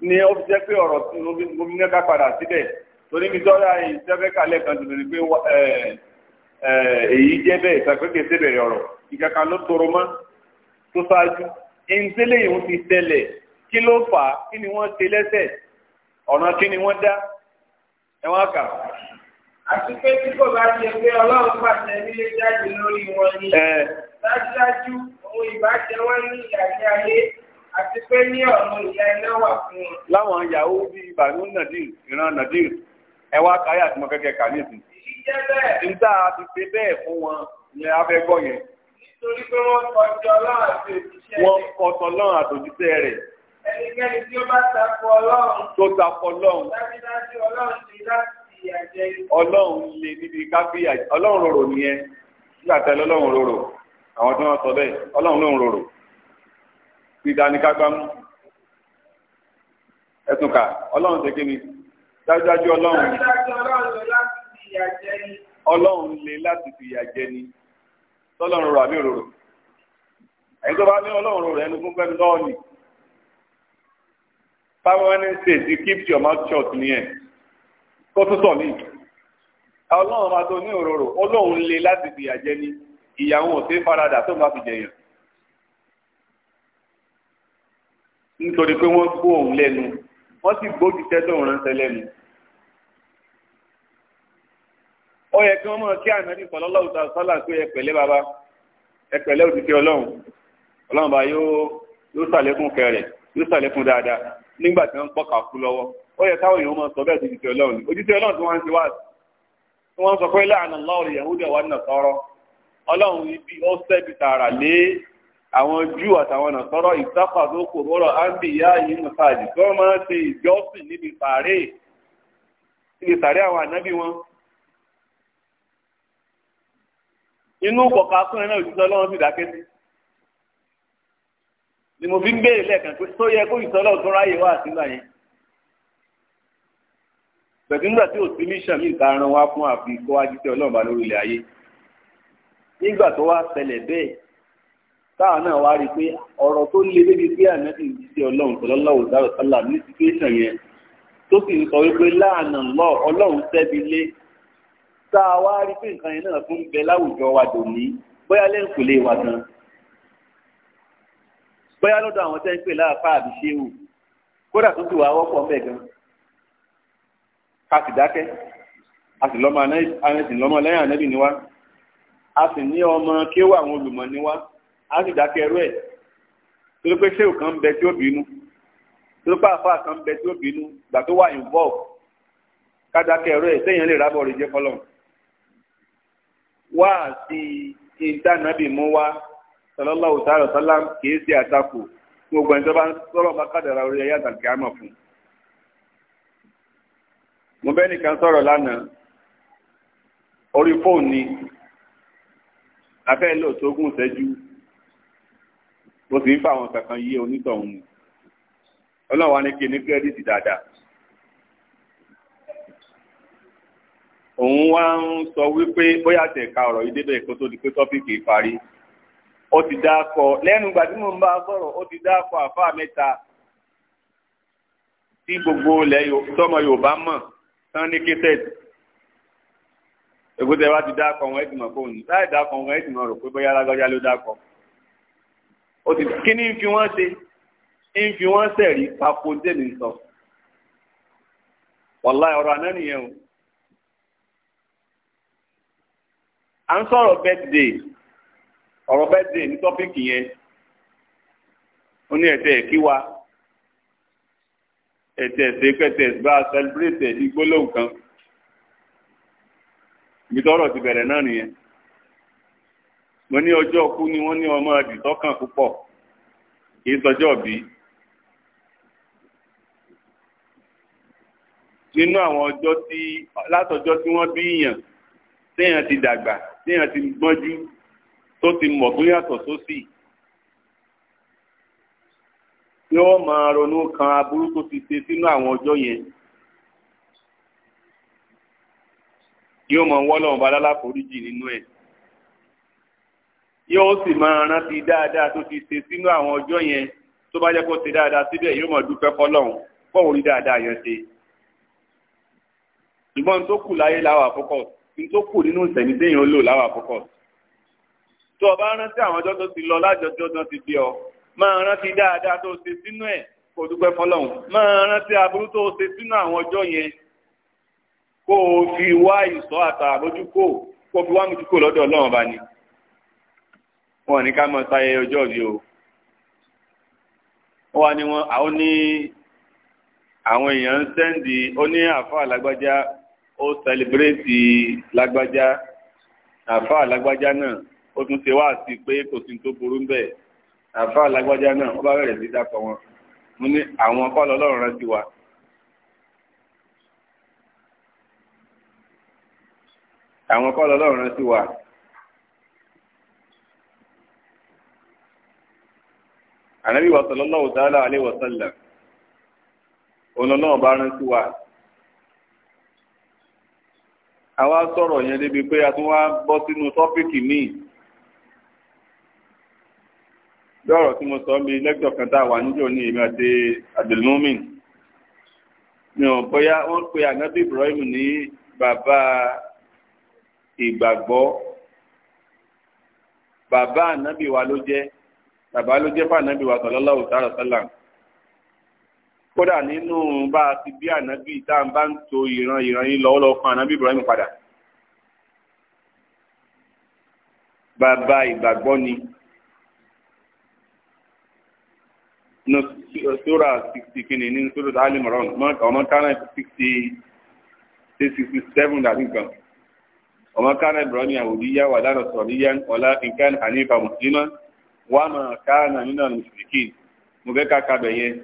ní ó fi jẹ́ pé ọ̀rọ̀ n'i gómìnà mi ni ìǹtẹ́lẹ̀ ìhun ti tẹ̀lẹ̀ kí ló fà á kí ni wọ́n ṣe lẹ́sẹ̀ ọ̀nà kí ni wọ́n dá ẹ wọ́n kà. àti pé tí kò bá ṣe pé ọlọ́run pàṣẹ nílé jáde lórí wọn ni dájúdájú òun ìbáṣẹ wọn ní ìyàgbé ayé àti pé ní ọ̀nà ìyá iná wà fún wọn. láwọn yahoo bíi ìbànú nadir ìran nadir ẹ wá káyà tí mo kẹ́kẹ́ kà ní ìsìn. ìdí jẹ́ bẹ́ẹ̀. nígbà tí ṣe bẹ́ẹ̀ fún wọn ni a fẹ́ gbọ́ yẹn torí pé wọ́n kọjọ ọlọ́run àti òjíṣẹ́ rẹ̀. wọ́n kọjọ ọlọ́run àti òjíṣẹ́ rẹ̀. ẹnikẹ́ni tí ó bá takò ọlọ́run. tó takò ọlọ́run. dájúdájú ọlọ́run ti láti ìyà jẹ. ọlọ́run lè níbi káfíà ọlọ́run rorò nìyẹn nígbà tẹ́lẹ̀ ọlọ́run rorò àwọn tí wọ́n sọ bẹ́ẹ̀ ọlọ́run lòun rorò. ìdánikágbámú ẹ̀sùn ká ọlọ́run ṣe kí ni dájúdájú ọlọ́run. dájúdájú ọlọ́run lè láti fìyà jẹ ni. ọlọ́run lè láti fìyà jẹ tọ́lọ́run rò àbí òróró ẹni tó bá ní ọlọ́run rò ẹnu fún fẹ́mi lọ́wọ́ ni permanent state you keep your mouth shut ní ẹ̀ kó tó sọ̀ ní. ọlọ́run máa tó ní òróró ọlọ́run le láti fìyà jẹ ní ìyàwó ò sí faradà tó máa fi jẹyàn. nítorí pé wọ́n gbó òun lẹ́nu wọ́n sì gbó ti tẹ́tọ̀ òun ránṣẹ́ lẹ́nu. ó yẹ kí wọ́n mọ̀ kí ànábì sallallahu alaihi wasallam pé ẹ pẹ̀lẹ́ bàbá ẹ pẹ̀lẹ́ òtítẹ́ ọlọ́run ọlọ́run bá yóò yóò sàlékún kẹrẹ̀ yóò sàlékún dáadáa nígbà tí wọ́n ń pọ̀kà kú lọ́wọ́ ó yẹ káwọn èèyàn máa sọ bẹ́ẹ̀ òtítẹ́ ọlọ́run òtítẹ́ ọlọ́run tí wọ́n ń ti wá tí wọ́n sọ pé láàánú lọ́ọ̀rì yahudi àwọn nàṣọ́rọ́ ọlọ́run ibi ó sẹ́bi tààrà lé àwọn júù àtàwọn nàṣọ́rọ́ ìsáfàdó kò inú kọ̀ọ̀kan akúnrin náà òjijì ọlọ́run sì dákẹ́ sí ni mo fi ń béèrè lẹ́ẹ̀kan pé tó yẹ kó ìsọlọ́ tó ráyè wá sígbà yẹn pẹ̀lú nígbà tí òsì mission mi ta ran wá fún àfi kó wá jíṣẹ́ ọlọ́run bá lórí ilẹ̀ ayé nígbà tó wá ṣẹlẹ̀ bẹ́ẹ̀ táwọn náà wá rí i pé ọ̀rọ̀ tó le débi pé ànábì ń jíṣẹ́ ọlọ́run sallallahu tá a wá rí pé nǹkan yẹn náà tún bẹ láwùjọ wa dòní bóyá lẹ́yìn kò lè wà gan bóyá lọ́dọ̀ àwọn tẹ́ ń pè láàfáà àbí ṣéwù kódà tó ti wà wọ́pọ̀ mbẹ̀ gan a sì dákẹ́ a sì lọ́mọ lẹ́yìn ànẹ́bì ni wá a sì ní ọmọ kéwà àwọn olùmọ̀ ni wá a sì dákẹ́ ẹrú ẹ̀ tó ló pé ṣéwù kan ń bẹ tí ó bínú tó ló pé àfáà kan ń bẹ tí ó bínú ìgbà tó wà involve kádákẹ́ ẹrú ẹ̀ sẹ́yìn lè rábọ̀ rẹ̀ jẹ́ fọlọ́run wá àti ìdánábì mú wá sallallahu ta'ala sallam kìí ṣe àtakò tí gbogbo ẹni tó bá ń sọ̀rọ̀ bá kádàrà orí ẹ̀yà àtàkì àmọ̀ fún. mo bẹ́ẹ̀ nìkan sọ̀rọ̀ lánàá orí fóònù ni afẹ́ lò tó gùn sẹ́jú mo sì ń fa àwọn kankan yé onítọ̀hún ni kí ní kírẹ́dìtì dáadáa. òun wá ń sọ wípé bóyá tẹ̀ ka ọ̀rọ̀ yìí débẹ̀ kó tó di pé tọ́pìkì parí ó ti dákọ lẹ́nu ìgbà tí ń a sọ̀rọ̀ ó ti àfáà mẹ́ta tí gbogbo tọmọ Yorùbá mọ̀ tán ní kétẹ́t ti dákọ wọn ẹ̀dùnmọ̀ fóun ní láì dákọ wọn ẹ̀dùnmọ̀ rò pé bóyá alágbájá ló dákọ ó ti kí ni fi wọ́n ṣe ń à ń sọ̀rọ̀ birthday ọ̀rọ̀ birthday ní tọ́píìkì yẹn ó ní ẹ̀tẹ̀ kí wa ẹ̀tẹ̀ ẹ̀sẹ̀ kẹtẹ̀ bá a celebrate ẹ̀ ní gbólóhùn kan ibi tọ́rọ̀ ti bẹ̀rẹ̀ náà nìyẹn mo ní ọjọ́ ọkú ni wọ́n ní ọmọ àdìtọ́kàn púpọ̀ kì í sọjọ́ bí nínú àwọn ọjọ́ tí látọjọ́ tí wọ́n bí yàn téèyàn ti dàgbà téèyàn ti gbọ́njú tó ti mọ̀ tó yàtọ̀ sósì tí ó máa ronú kan aburú tó ti ṣe sínú àwọn ọjọ́ yẹn yóò máa wọ́ lọ́wọ́ bá lálàforíjì nínú ẹ̀ yóò sì máa rántí dáadáa tó ti ṣe sínú àwọn ọjọ́ yẹn tó bá jẹ́ kó ṣe dáadáa síbẹ̀ yóò máa dúpẹ́ fọlọ́run fọ́wọ́n rí dáadáa yẹn ṣe ṣùgbọ́n tó kù láyé láwà fọ́kọ̀sì tó kù nínú ìsẹ̀mí téèyàn lò láwà focus tó o bá rántí àwọn ọjọ́ tó ti lọ lájọjọ́ tó ti bí ọ máa rántí dáadáa tó o ṣe sínú ẹ̀ kó o dúpẹ́ fọlọ́hún máa rántí aburú tó o ṣe sínú àwọn ọjọ́ yẹn kó o fi wá ìsọ́ àtà àbójúkò kó o fi wá mójúkò lọ́dọ̀ ọlọ́run bá ní wọn ní ká mọ sáyẹ ọjọ́ bí o ó wà ní wọn àwọn ní àwọn èèyàn ń sẹ́ǹdì ó ní àfọ ó sẹlẹbírẹ́tì lágbájá àfa lágbájá náà ó tún ṣe wáàsí pé kò sí tó burú bẹ́ẹ̀ àfa lágbájá náà ó bá bẹ̀rẹ̀ sí dàpọ̀ wọn mo ní àwọn kọ́ lọ́lọ́run rántí wa. àwọn kọ́ lọ́lọ́run rántí wa. ànábì wa sallallahu ta'ala alaihi wa sallam òun lọ́lọ́run bá rántí wa àwa sọ̀rọ̀ yẹn débi pé a tún wá bọ́ sínú tọ́pìkì míì bí ọ̀rọ̀ tí mo sọ mi lẹ́kítọ̀ kan tá a wà níjọ ní èmi àti Abdulmumin mi ò bóyá wọ́n pe ànábì Ibrahim ní bàbá ìgbàgbọ́ bàbá ànábì wa ló jẹ́ bàbá ló jẹ́ fún ànábì wa sallallahu ta'ala sallam kódà nínú bá a ti bí ànábì tá à ń bá ń to ìran ìran yìí lọ́wọ́lọ́wọ́ fún ànábì Ibrahim padà bàbá ìgbàgbọ́ ni no sora sixty kini ní sora tààlì mọ̀rán ọmọ kánà sixty sixty seven dàbí nǹkan ọmọ kánà Ibrahim àwòdíyá wà lánà sọ̀ríyá ọ̀la nǹkan hanifa mùsùlùmá wà máa kánà nínú àlùmùsùlùmí mo fẹ́ ká kábẹ̀ yẹn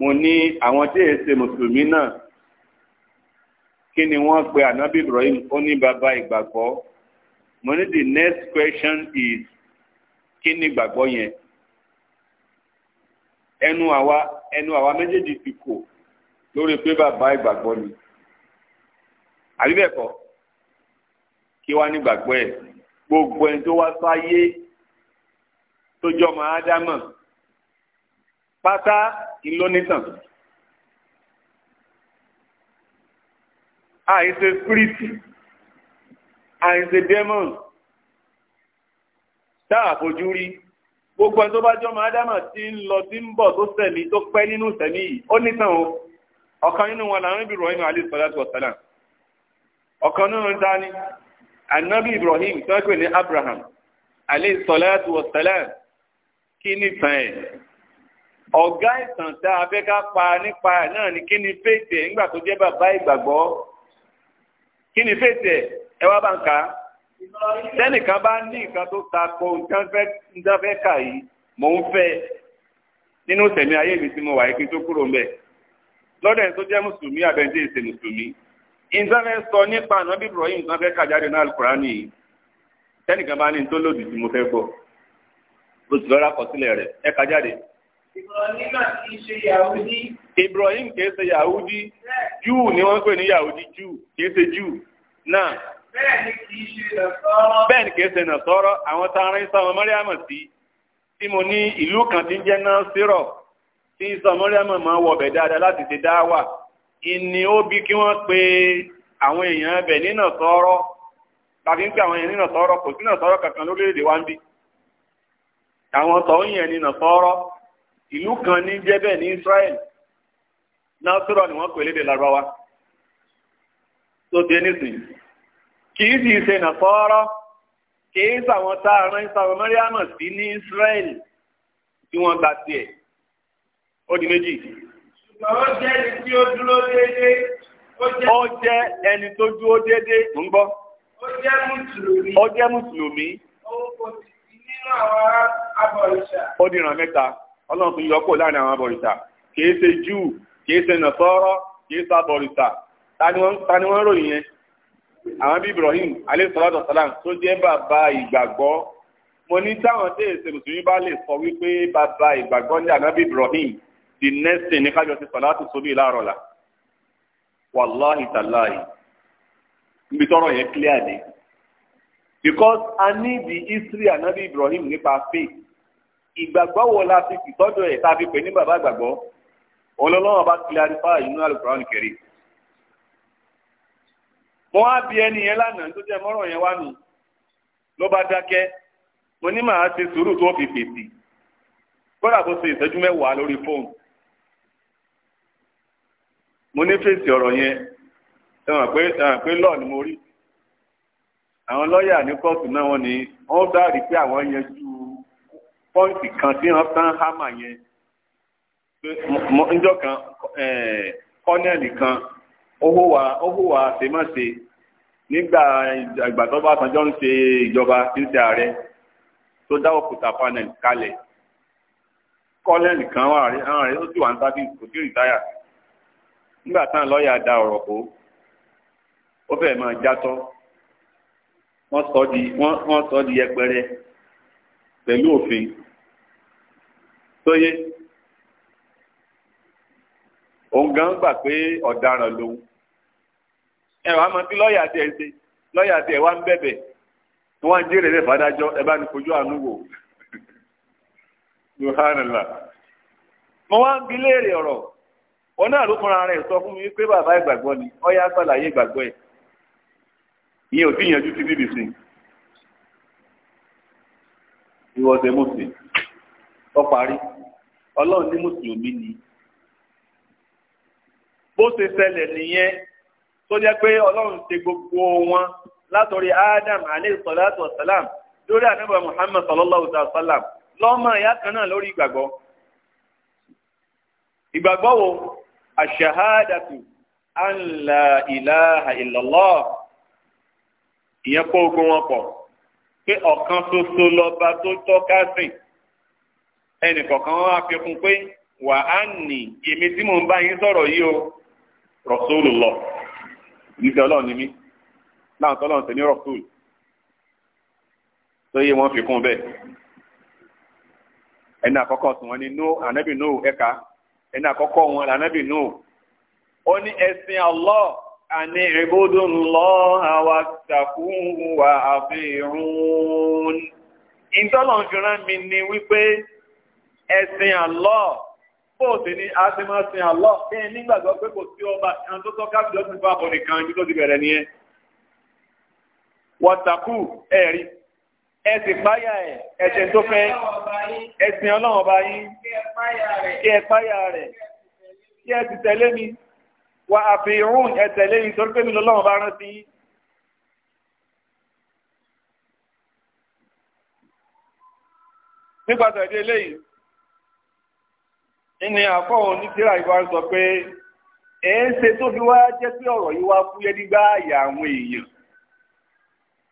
mo ní àwọn tí èyí ṣe mùsùlùmí náà kí ni wọ́n pe ànábì Ibrahim ó ní bàbá ìgbàgbọ́ mo ní the next question is kí ni ìgbàgbọ́ yẹn ẹnu àwa ẹnu àwa méjèèjì ti kò lórí pé bàbá ìgbàgbọ́ ni àbí bẹ́ẹ̀ kọ́ kí wá ní ìgbàgbọ́ ẹ̀ gbogbo ẹni tó wá sáyé tó jọ́ mọ́ ádámọ̀ pátá ìlónítàn àìṣe spirit àìṣe demon táà fojú rí gbogbo ẹni tó bá jọ máa dámà tí ń lọ tí ń bọ̀ tó sẹ̀mí tó pẹ́ nínú sẹ̀mí yìí ó nítàn o ọ̀kan nínú wọn làwọn ìbìrò inú alẹ́ sọ́lájú ọ̀sánà ọ̀kan nínú ń dání anabi Ibrahim tó ń pè ní Abraham alẹ́ sọ́lájú ọ̀sánà kí nìtàn ẹ̀ ọ̀gá ìtàn tá a fẹ́ pa nípa ẹ̀ náà ni kí ni fèsì nígbà tó jẹ́ bàbá ìgbàgbọ́ kí ni fèsì ẹ̀ ẹ wá bá ní nǹkan tó ta ko nǹkan kà yìí mò ń fẹ́ nínú sẹ̀mí ayé mi tí mo wà yìí n tó kúrò mbẹ̀ lọ́dọ̀ ẹ̀ tó jẹ́ mùsùlùmí àbẹ̀ǹdé ìṣe mùsùlùmí nǹkan sọ nípa ànábì Ibrahim nǹkan fẹ́ kà jáde náà Al-Kùránì yìí tẹ́nìkan bá ní lòdì tí mo fẹ́ lọ́ra rẹ̀ jáde. Ibrahim kìí ṣe Yahudi. Júù ni wọ́n ń pè ní Yahudi Júù kìí ṣe Júù náà. Bẹ́ẹ̀ni kìí ṣe Nàsárá. Bẹ́ẹ̀ni kìí ṣe Nàsárá. Àwọn taarin sọmọ Mọ́ríàmù sí. Tí mo ní ìlú kan tí ń jẹ́ Násírọ̀ tí sọ Mọ́ríàmù máa wọ ọbẹ̀ dáadáa láti ṣe dáwà. Ìní ó bí kí wọ́n pe àwọn èèyàn ẹbẹ̀ ní Nàsárá. Tàbí ń pe àwọn èèyàn ní Nàsárá kò sí Nàsárá kankan lórílẹ̀-èdè wa ń bí. Àwọn tọ̀ ìlú kan ní jẹ́bẹ̀ ní Israel nasura ni wọ́n pè lédè Lárúbáwá tó dé nísìnyí kì í sì ṣe nàfọ́ọ́rọ́ kì í sàwọn tá a rán ìsàwọn mẹ́ríàmọ̀ sí ní Israel tí wọ́n gba tiẹ̀ ó di méjì. ṣùgbọ́n ó jẹ́ ẹni tí ó dúró déédéé. ó jẹ́ ẹni tó dúró déédéé ń gbọ́. ó jẹ́ mùsùlùmí. ó jẹ́ mùsùlùmí. òun kò sì sí nínú àwọn abọ̀rìṣà. ó di ìran mẹ́ta ọlọ́run fi yọ kúrò láàrin àwọn abọ̀rìṣà kìí ṣe júù kìí ṣe nàṣọ́rọ́ kìí ṣe abọ̀rìṣà ta ni wọ́n ròyìn yẹn àwọn bí Ibrahim alayhi salatu wassalam tó jẹ́ bàbá ìgbàgbọ́ mo ní táwọn tẹ́ èsè mùsùlùmí bá lè sọ wípé bàbá ìgbàgbọ́ ní ànábì Ibrahim the next thing ní kájọ ti sọ̀lá tó sóbì láàrọ̀ là wàláhì tàláhì níbi tọ́rọ̀ yẹn clear ni because I need the history ànábì Ibrahim nípa faith ìgbàgbọ́ wo la fi ìtọ́jú ẹ̀ tá a fi pè ní bàbá àgbàgbọ́ ọlọ́lọ́wọ́ bá kílárífà inú alukóran kẹrì. mo wá bí ẹni yẹn lánàá tó jẹ́ mọ́rọ̀ yẹn wá nù ló bá dákẹ́ mo ní màá ṣe sùúrù tó fi fèsì kódà kó ṣe ìṣẹ́jú mẹ́wàá lórí fóònù. mo ní fèsì ọ̀rọ̀ yẹn ẹ hàn pé ẹ hàn pé lọ́ọ̀ ni mo rí àwọn lọ́ọ̀yà ní kóòtù náà wọ́n ní wọ́n sáré pé àwọn yanjú pọ́ǹtì kan tí wọ́n tán hámà yẹn pé ńjọ́ kan kọ́nẹ́ẹ̀lì kan ó hùwà ṣèmọ̀ṣe nígbà ìgbà tó bá sanjọ́ ń ṣe ìjọba tí ń ṣe ààrẹ tó dáwọ́ kùtà panel kalẹ̀ kọ́nẹ́ẹ̀lì kan wà rẹ̀ àwọn rẹ̀ ó sì wà ń sábì kò sí rìtáyà nígbà táwọn lọ́ọ̀yà da ọ̀rọ̀ kó ó fẹ́ máa játọ́ wọ́n sọ di yẹpẹrẹ pẹ̀lú òfin sóyè òun gan gbà pé ọ̀daràn lòun ẹ wàá mọ tí lọ́ọ̀yà tiẹ̀ ṣe lọ́ọ̀yà tiẹ̀ wá ń bẹ̀bẹ̀ wọ́n ń jèrè lẹ́fà dájọ́ ẹ bá ní fojú àánú wò lùhánàlá mo wá ń bi léèrè ọ̀rọ̀ òun náà ló fúnra rẹ̀ sọ fún mi pé bàbá ìgbàgbọ́ ni ọ̀yà àgbàláyé ìgbàgbọ́ ẹ̀ ìyẹn ò tí yanjú ti bíbí sí ìwọ́sẹ̀ mọ̀sẹ̀ ọ parí. ọlọ́run ní mùsùlùmí ni bó ṣe ṣẹlẹ̀ nìyẹn tó jẹ́ pé ọlọ́run ṣe gbogbo wọn látọ̀rí adam alayhi salatu lórí anábọ̀ muhammad sallallahu alayhi wa salam lọ́mọ ìyá kan náà lórí ìgbàgbọ́ ìgbàgbọ́ wo àṣàhádàtù ìyẹn kó ogun wọn pé ọ̀kan ṣoṣo tó sìn. ẹnìkọ̀ọ̀kan wọn a fi pé wà á nì èmi tí mò ń bá yín sọ̀rọ̀ yìí o rọ̀súlù lọ níṣẹ́ ọlọ́run ni mí láwọn tọ́lọ́run tẹ̀ ní tó yé wọn fi kún bẹ́ẹ̀ ẹni àkọ́kọ́ sùn wọn ni no anabi no ẹ̀ka ẹni àkọ́kọ́ wọn anabi no ó ní ẹ̀sìn àní ìbúdó ńlọ wà àfihàn mi ni wípé ẹ̀sìn àlọ́ bó sì ni a ti máa sin àlọ́ kí n nígbàgbọ́ pé kò sí ọba kan tó tọ́ka jùlọ sí fún abọ̀ nìkan ibi tó ti bẹ̀rẹ̀ nìyẹn wọ́tàkù ẹ̀rí ẹ̀sìn páyà ẹ̀ ẹ̀sìn tó fẹ́ ẹ̀sìn ọlọ́run ọba yín kí ẹ páyà rẹ̀ kí ẹ ti tẹ̀lé mi wà àfihàn ẹ tẹ̀lé mi torí pé mi lọ́lọ́run ọba rán sí yín. ìdí eléyìí ìní àfọwọ́ onítìrà ìwà sọ pé ẹ̀ ń ṣe tó fi wá jẹ́ pé ọ̀rọ̀ yìí wá fúyẹ́ nígbà àyà àwọn èèyàn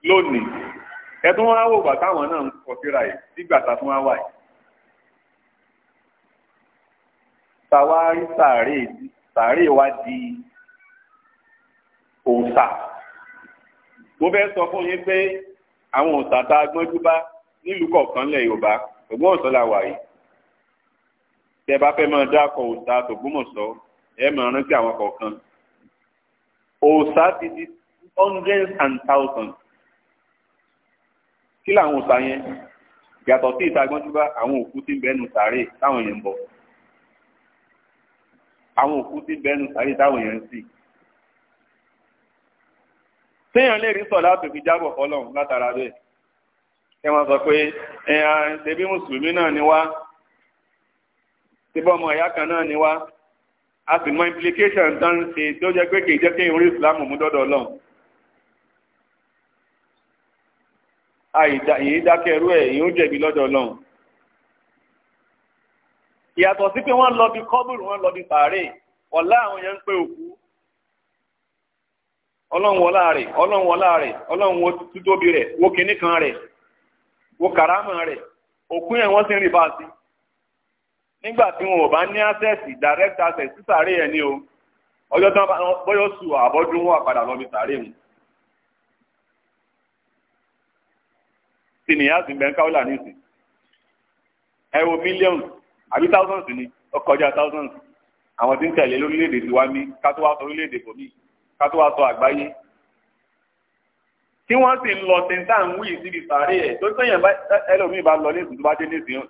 lónìí ẹ̀tún wọn á wò gbà táwọn náà ń kọ síra yìí nígbà táwọn á wà yìí. tàwa rí sàárè sàárè wa di òòṣà mo fẹ́ sọ fún yín pé àwọn òòṣà tá a gbọ́njú bá nílùú kọ̀ọ̀kan lẹ̀ Yorùbá ògbọ́n ọ̀sán la wà yìí tẹ bá fẹ́ máa dákọ̀ òòṣà tògbómọ̀ṣọ́ ẹ máa rántí àwọn kọ̀ọ̀kan òòṣà ti di hundreds and thousands kí làwọn òòṣà yẹn yàtọ̀ sí ìta gbọ́njúbá àwọn òkú tí ń bẹ́nu sàárè táwọn èèyàn ń bọ̀ àwọn òkú tí ń bẹ́nu sàárè táwọn èèyàn ń sì. téèyàn lè rí sọ̀lá àtòkí jábọ̀ fọlọ́run látara bẹ́ẹ̀ ẹ wọ́n sọ pé ẹ̀yà ṣebí mùsùlùmí náà ni wá síbọ̀ ọmọ ẹ̀yà kan náà ni wá a sì mọ implication tó ń ṣe tó jẹ́ pé kìí jẹ́ kí orí ìsìlámù mú dọ́dọ̀ ọlọ́run àìyí dákẹ́ ẹrú ẹ̀ yóò jẹ̀bi lọ́dọ̀ ọlọ́run ìyàtọ̀ sí pé wọ́n lọ bí kọ́bùrù wọ́n lọ bí sàárè ọ̀la àwọn yẹn ń pé òkú ọlọ́run wọlá rẹ̀ ọlọ́run wọlá rẹ̀ ọlọ́run wo títóbi rẹ̀ wo kìnnìkan rẹ̀ wo kàrámà rẹ̀ òkú yẹn wọ́n sì ń rìn bá a sí. nígbà tí wọn ò bá ní access direct access sí sàárè yẹn ni o ọjọ́ tí wọ́n bọ́yọ̀ sùn àbọ́dún wọn àpàdà lọ bí sàárè mu. sinìyà sì ń bẹ ń káwọ́là ní ìsìn ẹ wo millions àbí thousands ni ó thousands àwọn tí ń tẹ̀lé lórílẹ̀‐èdè tiwa mi ká tó wá sọ orílẹ̀‐èdè kò mí ká tó wá sọ àgbáyé tí wọ́n sì ń lọ sí ní tá à ń wí síbi sàárè ẹ̀ tó sẹ́yìn ẹlòmíì bá lọ ní ìsìn tó bá dé ní ìsìn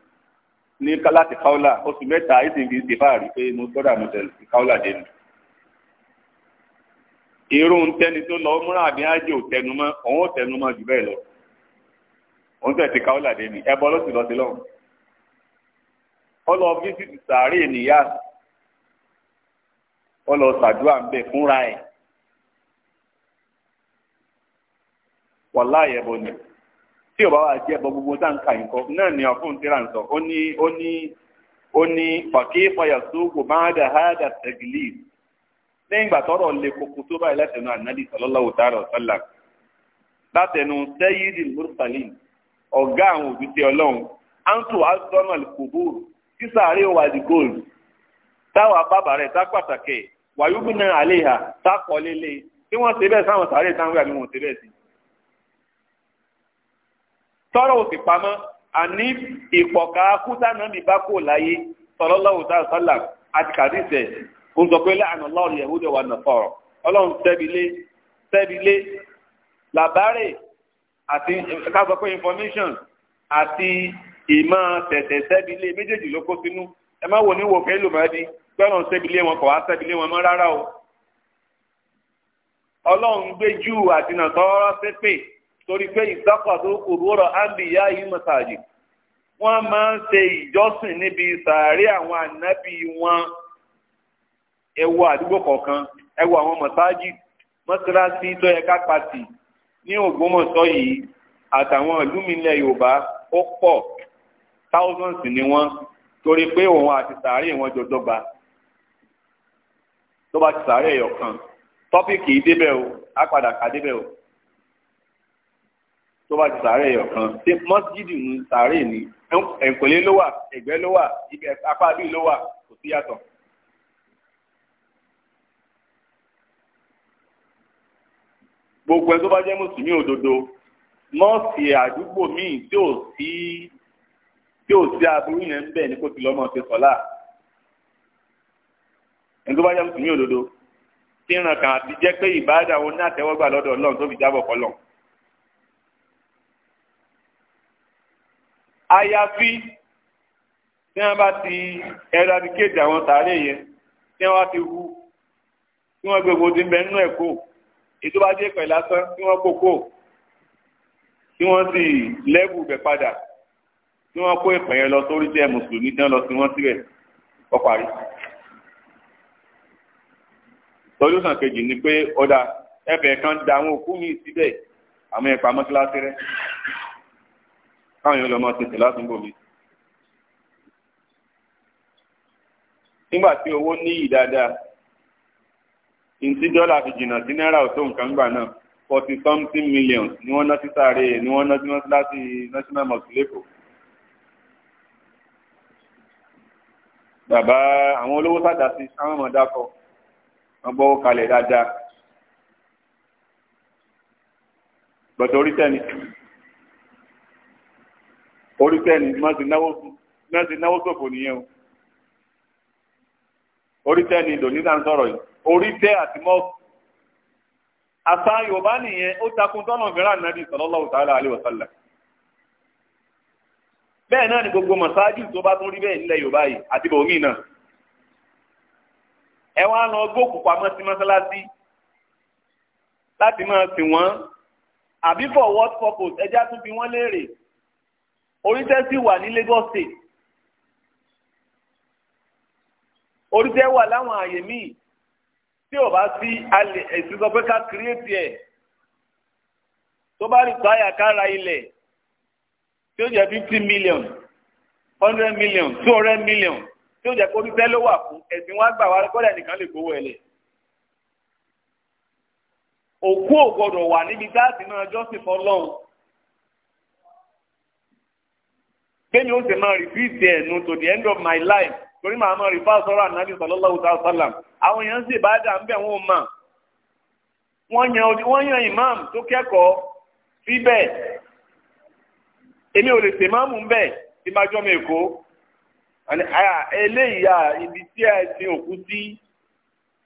ní láti káwọ́là oṣù mẹ́ta èsì ń fi baari pe pé mo gbọ́dọ̀ mo tẹ̀lé sí dé nù. tó lọ múra àbí ájì ò tẹnumọ́ òun ò tẹnumọ́ jù bẹ́ẹ̀ lọ òun tẹ̀ sí káwọ́là dé nì ẹbọ ló sì lọ sí lọ́hùn. ọlọ fíṣítì sàárè nìyá ọlọ ṣàdúrà ń bẹ fúnra ẹ̀ tí ò bá wà jẹ́ bọ gbogbo táǹkà nǹkan náà ni ọ̀fún tíra ń sọ ó ní ó ní ó ní pàkí fàyà sóògùn máa dà á dà tẹ̀gìlì lẹ́yìn ìgbà tọ́rọ̀ lè koko tó báyìí látẹnu ànádì sallallahu ta'ala wa sallam látẹnu sayyidil mursalin ọ̀gá àwọn òbítẹ́ ọlọ́run antu asdọ́nà kubur sísàárè wàdí gold táwa bàbà rẹ̀ tá pàtàkì wàyúbùnà àléhà tá kọ́lélé tí wọ́n ṣe bẹ́ẹ̀ sáwọn sàárè táwọn tọ́rọ̀ òsì pamọ́ àní ìpọ̀ká kúta náà ní bá kò láyé sallallahu ta'ala sallam àti kàdísẹ̀ ń sọ pé láàánú lọ́ọ̀rì yahudu wa nasara ọlọ́run tẹ́bilé làbárè àti ká information àti ìmọ̀ tẹ̀tẹ̀ tẹ́bilé méjèèjì ló kó sínú ẹ má wò ní wò fẹ́ lòmọ́dí gbọ́dọ̀ tẹ́bilé wọn kọ̀ wá tẹ́bilé wọn mọ́ rárá o ọlọ́run gbé júù àti nàtọ́rọ́ sépè torí pé ìsápàdó kò rọrọ ámbìyá yìí mọ̀sáàjì wọ́n máa ń ṣe ìjọsìn níbi sàárè àwọn ànábì wọn ẹwọ àdúgbò kọ̀ọ̀kan ẹwọ àwọn mọ̀sáàjì mọ́sálásí tó yẹ ká pàtì ní Ògbómọ̀ṣọ́ yìí àtàwọn ìlú thousands ni wọ́n torí pé òun àti sàárè wọn jọ dọ́gba tó bá ti sàárè kan tọ́pìkì débẹ̀ o tó bá ti sàárè ẹyọ kan ṣé mọ́sídìdì ní sàárè ni ẹ̀ǹkọ̀lé ló wà ẹ̀gbẹ́ ló wà ibi apá bíi ló wà kò sí yàtọ̀. gbogbo ẹ tó bá jẹ́ mùsùlùmí òdodo mọ́ọ̀sì àdúgbò míì tí ò sí tí ò sí aburú yẹn ń bẹ̀ ní kò sí lọ́mọ ṣe sọ́lá ẹni tó bá jẹ́ mùsùlùmí òdodo tí ìrànkàn àti jẹ́ pé ìbáàdà wọn ní àtẹ́wọ́gbà lọ́dọ̀ ọlọ́run tó fi jábọ̀ fọlọ́run. àyàfi tí wọ́n bá ti eradicate àwọn tààrí yẹn tí wọ́n ti hu tí wọ́n gbogbo ti bẹ nínú ẹ̀kọ́ ètò bá jẹ́ pẹ̀lú asán tí wọ́n kókó tí wọ́n sì lẹ́bù bẹ̀ padà tí wọ́n kó ìpè yẹn lọ sórí jẹ́ mùsùlùmí tí wọ́n lọ sí wọ́n síbẹ̀ ó parí. solution kejì ni pé ọ̀dà ẹbẹ̀ kan da àwọn òkú mi síbẹ̀ àmọ́ ẹ̀pà mọ́tíláṣí rẹ̀ káwọn èèyàn lọ máa tètè láti ń bòmí. nígbà tí owó níyì dáadáa ìntí dọ́là fi jìnnà sí náírà ò nǹkan gbà náà forty something millions ni wọ́n ná sí sáré ni wọ́n ná sí mọ́síláṣí national mosque lẹ́kọ̀ọ́. bàbá àwọn olówó sàdá sí sáwọn ọmọdé akọ wọn gbọ́wọ́ kalẹ̀ dáadáa gbọ́dọ̀ orí tẹ́ni orí tẹ́ni wọ́n ti náwó sòfò nìyẹn o orí tẹ́ni ìdòníta ń sọ̀rọ̀ yìí orí tẹ́ àti mọ́ọ̀kù àṣà yorùbá nìyẹn ó takun tọ́nà fẹ́ràn nàbì sallallahu ta'ala alaihi wa sallam bẹ́ẹ̀ náà ni gbogbo mọ̀sáájú tó bá tún rí bẹ́ẹ̀ nílẹ̀ yorùbá yìí àti bòmí náà ẹ wá lọ gbókù pamọ́ sí mọ́sálásí láti máa sìn wọ́n àbí for what ẹjá tún fi wọ́n léèrè oríṣẹ́ sì wà ní Lagos State oríṣẹ́ wà láwọn àyè míì tí ò bá sí alẹ́ ẹ̀sìn sọ pé ká kírètì ẹ̀ tó bá rí pààyà ká ra ilẹ̀ tí ó jẹ́ fifty million hundred million two hundred million tí ó jẹ́ pé oríṣẹ́ ló wà fún ẹ̀sìn wá gbà wá kọ́lẹ̀ nìkan lè gbowó ẹ̀ lẹ̀ òkú ò gbọdọ̀ wà níbi táàtì náà jọ́sìn fọlọ́run. kémi ó sì máa repeat ẹ̀ nu to the end of my life torí màá máa refer sọ́rọ̀ ànábì sallallahu ta'ala sallam àwọn èèyàn sì bá dà ń bẹ̀ wọ́n mà wọ́n yan imam tó kẹ́kọ̀ọ́ síbẹ̀ èmi ò lè ṣe máàmù ń bẹ̀ tí máa jọ́ mi èkó eléyìí à ibi tí ẹ ti òkú sí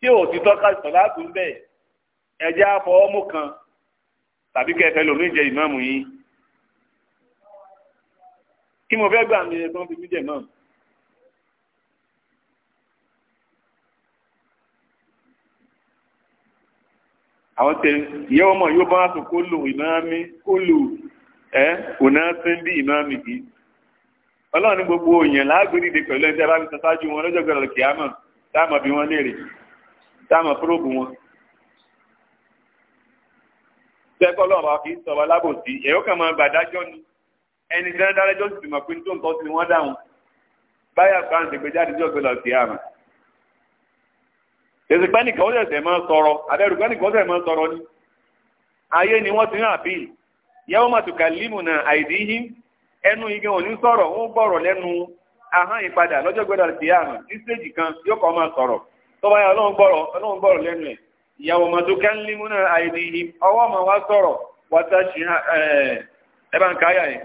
tí ò ti tọ́ka sọ̀láàtù ń bẹ̀ ẹ̀jẹ̀ àfọwọ́mú kan tàbí kẹfẹ́ lòmí ìmáàmù yìí kí mo fẹ́ gbà mí ẹ tán fi mí jẹ̀ náà. àwọn tẹ ìyá ọmọ yóò bá sùn kó lò ìnáàmì kó lò ẹ kò náà sí bí ìnáàmì kì í ọlọ́run ní gbogbo èèyàn lágbèrèdè pẹ̀lú ẹni tí a bá fi ṣáájú wọn lọ́jọ́ gbẹ̀rẹ̀ kìámọ̀ táàmù bí wọ́n léèrè táàmù púróòbù wọn. sẹ́kọ̀ọ́ lọ́wọ́ fi sọ̀rọ̀ alábòsí ẹ̀yọ́ kan máa gbàdájọ́ ni ẹni tí wọ́n dára jọ sì mọ̀ pé tó nǹkan sí wọ́n dáhùn báyà kan ti gbé jáde jọ́gbé lọ sí àmà. èsìpẹ́ nìkan ó ṣẹ̀ṣẹ̀ máa sọ̀rọ̀ ni. ayé ni wọ́n ti ń límù náà àìdíhìn ẹnu igi òní sọ̀rọ̀ ó gbọ́rọ̀ lẹ́nu ahọ́n ìpadà lọ́jọ́ sí àmà ní stéèjì kan yóò kọ́ bá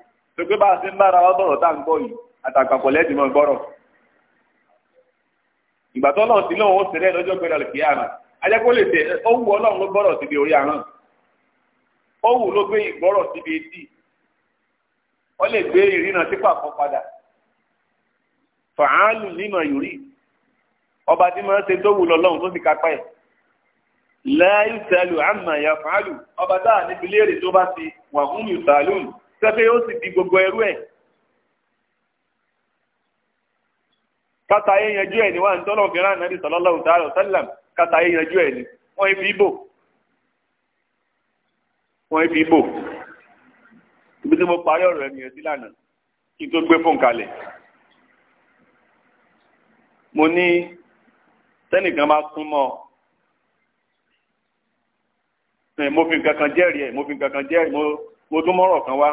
tó pé bá a ṣe ń bára wa bọ̀rọ̀ tá à ń gbọ́ yìí àtàgbàpọ̀ lẹ́ẹ̀dì mọ́ gbọ́rọ̀ ìgbà tó lọ́n sí lọ́wọ́ sẹ́lẹ̀ lọ́jọ́ gbẹ́rẹ́ lè kíá àná ajẹ́ kó lè tẹ̀ ó wù ọlọ́run ló gbọ́rọ̀ síbi orí àná ó wù ló gbé ìgbọ́rọ̀ síbi etí ó lè gbé ìrìnà sípò padà ọba tí máa ń ṣe tó wù lọ́lọ́run tó ti kápá ẹ̀ sẹ́lù sẹ́fẹ́ yóò sì di gbogbo ẹrú ẹ̀. kátàyé yanjú ẹ̀ ní wà ní tọ́lọ̀ fìràn nàbì sallallahu ta'ala sallam kátàyé yanjú ẹ̀ ní wọ́n fi bò wọ́n fi bò ibi tí mo parí ọ̀rọ̀ ẹ̀mí ẹ̀sí lánàá kí n tó gbé fóun kalẹ̀ mo ní tẹ́nìkan bá súnmọ́ mo fi nǹkan kan jẹ́rìí ẹ̀ mo fi nǹkan kan jẹ́rìí mo tún mọ́rọ̀ kan wá.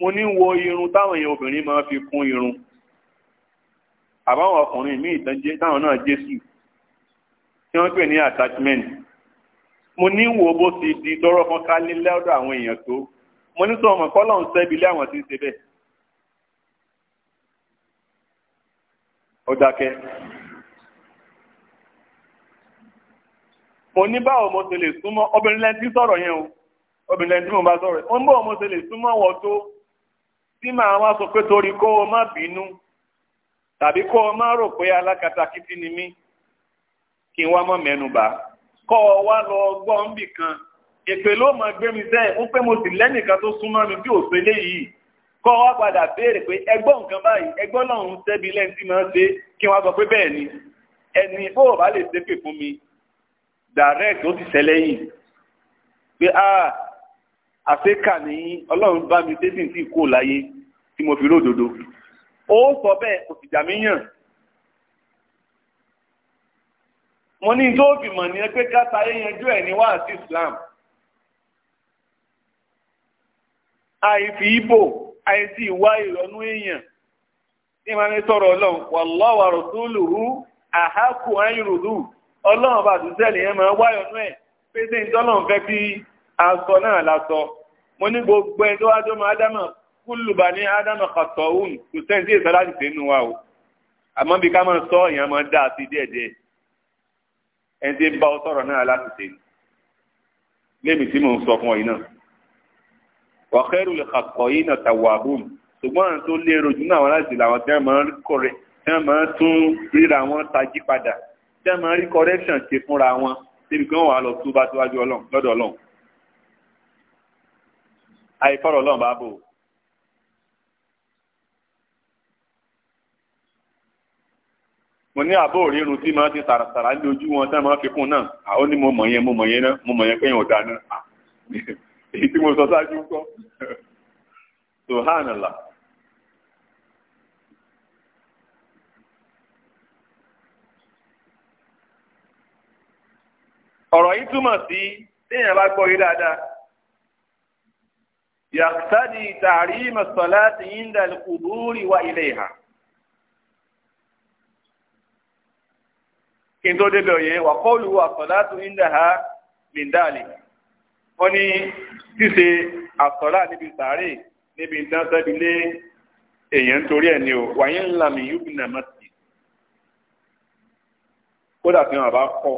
mo ní wo irun táwọn èèyàn obìnrin máa fi kún irun àbáwọn ọkùnrin mí ìtànjẹ táwọn náà jésù tí wọ́n pè ní attachment mo ní wo bó ti di tọrọ kan ká ní lẹ́ọ̀dọ̀ àwọn èèyàn tó mo ní sọ ọmọ kọ́lọ̀ ń sẹ́bi lé àwọn tí ń ṣe bẹ́ẹ̀ ó dákẹ́ mo ní báwo mo ṣe lè súnmọ́ obìnrin lẹ́ni tí sọ̀rọ̀ yẹn o obìnrin lẹ́ni tí mo bá sọ̀rọ̀ ó ń bọ̀ mo ṣe lè súnmọ́ wọ́n tó tí màá wá sọ pé torí kó o má bínú tàbí kó o má rò pé alákatakítí ni mí kí wá mọ́ mẹ́nubà kọ́ ọ wá lọ gbọ́n bì kan èpè ló mọ̀ gbé mi sẹ́yìn ó pé mo sì lẹ́nìkan tó súnmọ́ mi bí òṣèlé yìí kọ́ wá padà béèrè pé ẹgbọ́n nǹkan báyìí ẹgbọ́n náà ń sẹ́bi lẹ́yìn tí máa ń ṣe kí wọ́n sọ pé bẹ́ẹ̀ ni ẹni bó bá lè ṣépè fún mi direct ó ti ṣẹlẹ̀ pé ah àfíkà ní ọlọ́run bá mi tẹ́sí sí kó láyé tí mo fi ródodo ó sọ bẹ́ẹ̀ kò sì yàn mo ní tó fi mọ̀ ní ẹgbẹ́ káta yẹnjú ẹ̀ ní wáàsí Islam àìfi ibò àìsí ìwà ìrọ̀nú èèyàn ní ma ní sọ̀rọ̀ ọlọ́run wallahu wa rasuluhu àhákù ayìrùdù ọlọ́run bá tún sẹ́lẹ̀ yẹn máa wáyọ̀nú ẹ̀ pé sí ìtọ́lọ́run fẹ́ fi aṣọ náà lásọ. mo ní gbogbo ẹni tó wá dọ́mọ ádámà kúlù bá ní ádámà kọ̀tọ̀ òun kò sẹ́ni tí èso láti sẹ́nu wa o àmọ́ bí ká máa sọ èèyàn máa dá sí díẹ̀díẹ̀ ẹni tí ń bá ọ sọ̀rọ̀ náà láti sẹ́nu lémi tí mò ń sọ fún ọ yìí náà wà lè kàkọ́ yìí náà tàwàbùn ṣùgbọ́n àwọn tó lérò jù náà wọn láti làwọn tí wọ́n máa ń kọ̀rẹ́ tí wọ́n máa ń tún ríra wọn tají padà tí wọ́n máa ń rí correction ṣe fúnra wọn débi pé wọ́n wà lọ tó bá síwájú ọlọ́run lọ́dọ̀ ọlọ́run àìfọ̀rọ̀ lọ́nà bá bò. mo ní àbó òrírun tí máa ti sàràsàrà ní ojú wọn tán máa fi kún náà àwọn ní mo mọ̀ yẹn mo mọ̀ yẹn náà mo mọ̀ yẹn pé yẹn ò dáa náà èyí tí mo sọ sáájú ń kọ́ subhanallah. ọ̀rọ̀ yìí túmọ̀ sí téèyàn bá gbọ́ yìí dáadáa yàtàdì tààrí mọ̀sọ̀lá ti yín dàlí kùdúrì wá ilé ìhà. kí n tó dé lóye wà kọ́ọ̀lù àsọ̀lá tó yín dà ha lè dàlí. wọ́n ní ṣíṣe àsọ̀lá níbi sàárè níbi ìdánsẹ́bi lé èèyàn torí ẹ̀ ni o wàyí ńlá mi yóò fi nà mọ́tì kódà tí wọn bá kọ́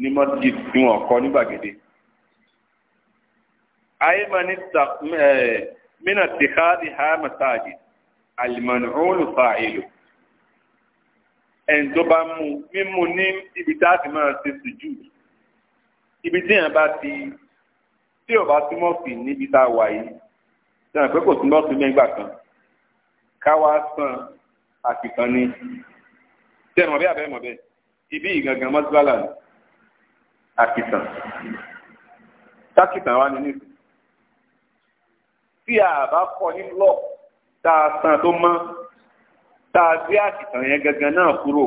ní mọ́tì tí wọn kọ́ ní gbàgede. أي من است... من اتخاذها مساجد المنعول فاعله ẹni tó bá mú mímú ní ibi tá a ti máa ṣe sùjú ibi tí èèyàn bá ti tí ò bá túmọ̀ sí níbi tá a wà yìí sọ̀rọ̀ pé kò túmọ̀ sí nígbà kan káwá sàn àkìkan ní tẹ̀ mọ̀ bẹ́ẹ̀ abẹ́ mọ̀ bẹ́ẹ̀ ibi ìgangan mọ́tíbálà àkìtàn tákìtàn wà ní nísìnyí tí a bá kọ́ ní block tá a san tó mọ́ tá a gbé àkìtàn yẹn gangan náà kúrò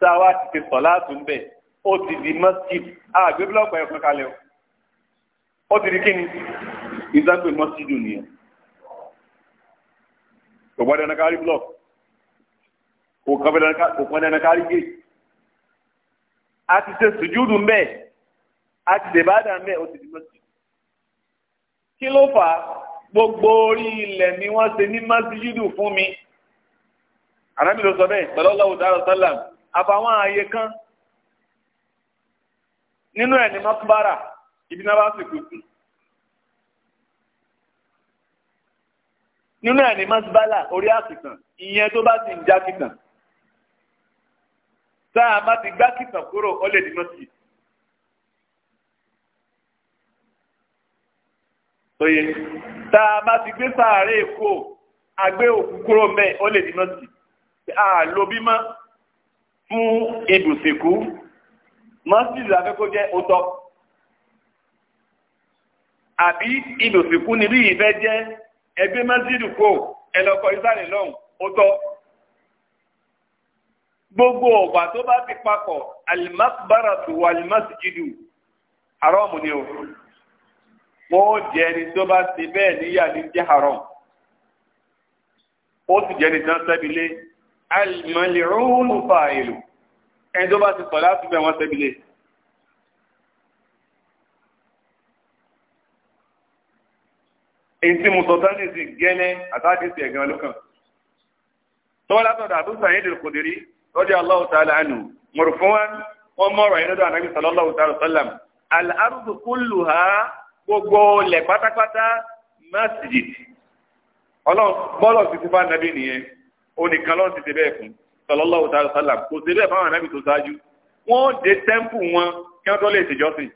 tá a wá ti fi sọ̀ láàtún bẹ̀ ó ti di mọ́sídì àgbé block yẹn fún kalẹ̀ ó ti di kí ni ìzágbé mọ́sídì nìyẹn kò gbọ́dọ̀ ní kárí block kò gbọ́dọ̀ ní kárí gate a ti ṣe sùjúdù mbẹ a ti ṣe bàdà mbẹ ó ti di mọ́sídì kí ló fà á gbogbo orí ilẹ̀ ni wọ́n ṣe ní masijidu fún mi àrẹ́mi ló sọ bẹ́ẹ̀ pẹ̀lú ọlọ́wọ́ dáhùn sálàm àfàwọn ààyè kan nínú ẹ̀ ní mọ́kúbárà ibi náà bá sì kú sí. nínú ẹ̀ ní mọ́síbálà orí àkìtàn ìyẹn tó bá ti ń já kìtàn tá a bá ti gbá kìtàn kúrò ó lè di mọ́sí. tóye tá a bá ti gbé sàárè kó agbé òkú kúrò mẹ́ ó lè di nọ́ọ̀sì a lo bímọ fún ibùsìnkú mọ́sílì afẹ́kọ́ jẹ́ òótọ́ àbí ibùsìnkú níbí ìfẹ́ jẹ́ ẹgbẹ́ mọ́sílì kó ẹlọ́kọ̀ ìsàlẹ̀ lọ́hùn òótọ́ gbogbo ọ̀gbà tó bá ti papọ̀ alimakbaratu wa alimasijidu haramu ni o wọn ó jẹ ẹni tó bá ṣe bẹ́ẹ̀ níyà ní jẹ́ haram ó sì jẹ́ ẹni tán sẹ́bilé alimọ̀lẹ́rúnù fa èlò ẹni tó bá ti sọ láti bẹ̀ wọ́n sẹ́bilé. èyí tí mo sọ tán ní ìsìn gẹ́lẹ́ àtàdé sí ẹ̀gàn lókàn látọ̀dọ̀ Abu Sa'id al-Khudri gbogbo lẹ̀ pátápátá masjid ọlọ́run bọ́lọ̀ ti ti bá nàbí nìyẹn onìkan lọ́run ti ti bẹ́ẹ̀ fún sallallahu ta'ala sallam kò sí bẹ́ẹ̀ fáwọn anábì tó ṣáájú wọ́n dé tẹ́ḿpù wọn kí wọ́n tó lè ṣèjọ́sìn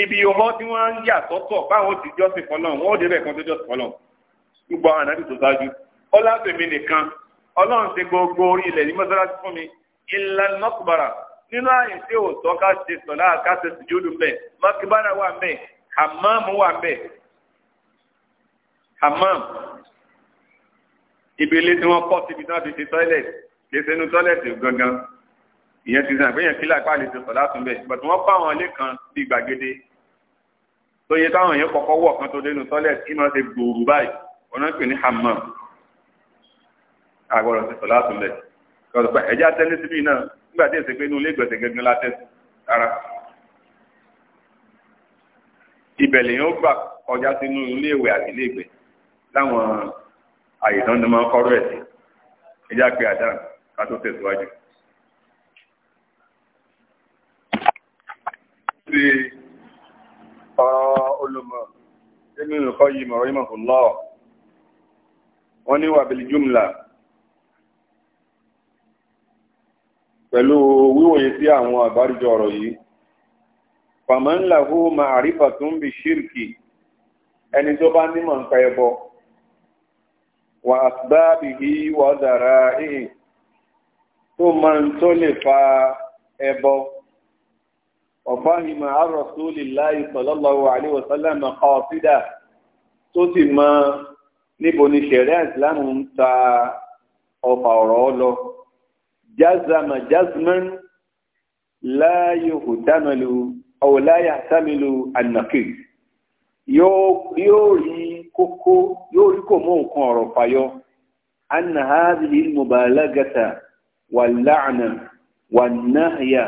ibi ọmọ tí wọ́n ń yà sọ́tọ̀ báwọn ti jọ́sìn fọlọ́n wọ́n dé bẹ́ẹ̀ kan tó jọ́sìn fọlọ́n gbogbo àwọn anábì tó ṣáájú ọlọ́run tèmi nìkan ọlọ́run ti gbogbo orí ilẹ̀ ní mọ́sálásí fún mi ìlànà mọ́kùbára nínú àyè tí ò tọ́ ká ṣe sọ̀lá ká ṣe sùjúdù mbẹ̀ makibara wà mbẹ̀ hammam wà mbẹ̀ hammam ìbílẹ̀ tí wọ́n kọ́ síbi tí wọ́n ti ṣe tọ́ílẹ̀tì kì í ṣe inú tọ́ílẹ̀tì gangan ìyẹn ti sàn àgbéyàn kílà pàlè ṣe sọ̀lá tún bẹ̀ bàtí wọ́n bá àwọn ilé kan bíi gbàgede tó yẹ táwọn èèyàn kọ́kọ́ wọ̀ kan tó dénú tọ́ílẹ̀tì kí wọ́n ṣe gbòòrò báyìí wọ́n ń pè ní hammam àgbọ̀rọ̀ ṣe sọ̀lá tún bẹ̀ kọ́ nígbà tí èsì pé inú ilé ìgbọ̀nsẹ̀ gẹ́gẹ́ la tẹ́sí ara ibẹ̀ lèyìn ó gbà kọjá sínú ilé ìwẹ̀ àti ilé ìgbẹ́ láwọn àyè tán ni máa ń kọ́rọ́ ẹ̀ ẹjá pé àdáhùn ká tó tẹ̀síwájú. ti ọ̀rọ̀ olùmọ̀ nínú ìkọ́ yìí mọ̀rọ̀ ìmọ̀ fún lọ́ọ̀ wọ́n ní wàbílì jùmlà pẹ̀lú wíwòye sí àwọn àbáríjọ ọ̀rọ̀ yìí fàmọ́nláhó ma àrífà tó ń bi ṣírkì ẹni tó bá nímọ̀ ń pa ẹbọ wà àsìbáàbìhí wà dàrá ìhìn tó máa ń tó lè fa ẹbọ ọ̀fáhìmọ̀ arọ̀sólì láì sallallahu alaihi wasallam qasida tó sì mọ níbo ni ṣẹ̀rẹ́ ìsìlámù ń ta ọ̀fà ọ̀rọ̀ lọ. jazama jazman láàyò kò dámẹ́lu ọ̀wọ̀láyà sámẹ́lu ànàkè yóò rí kókó nǹkan ọ̀rọ̀ fàyọ anna mubalagata wal la'na wan nahya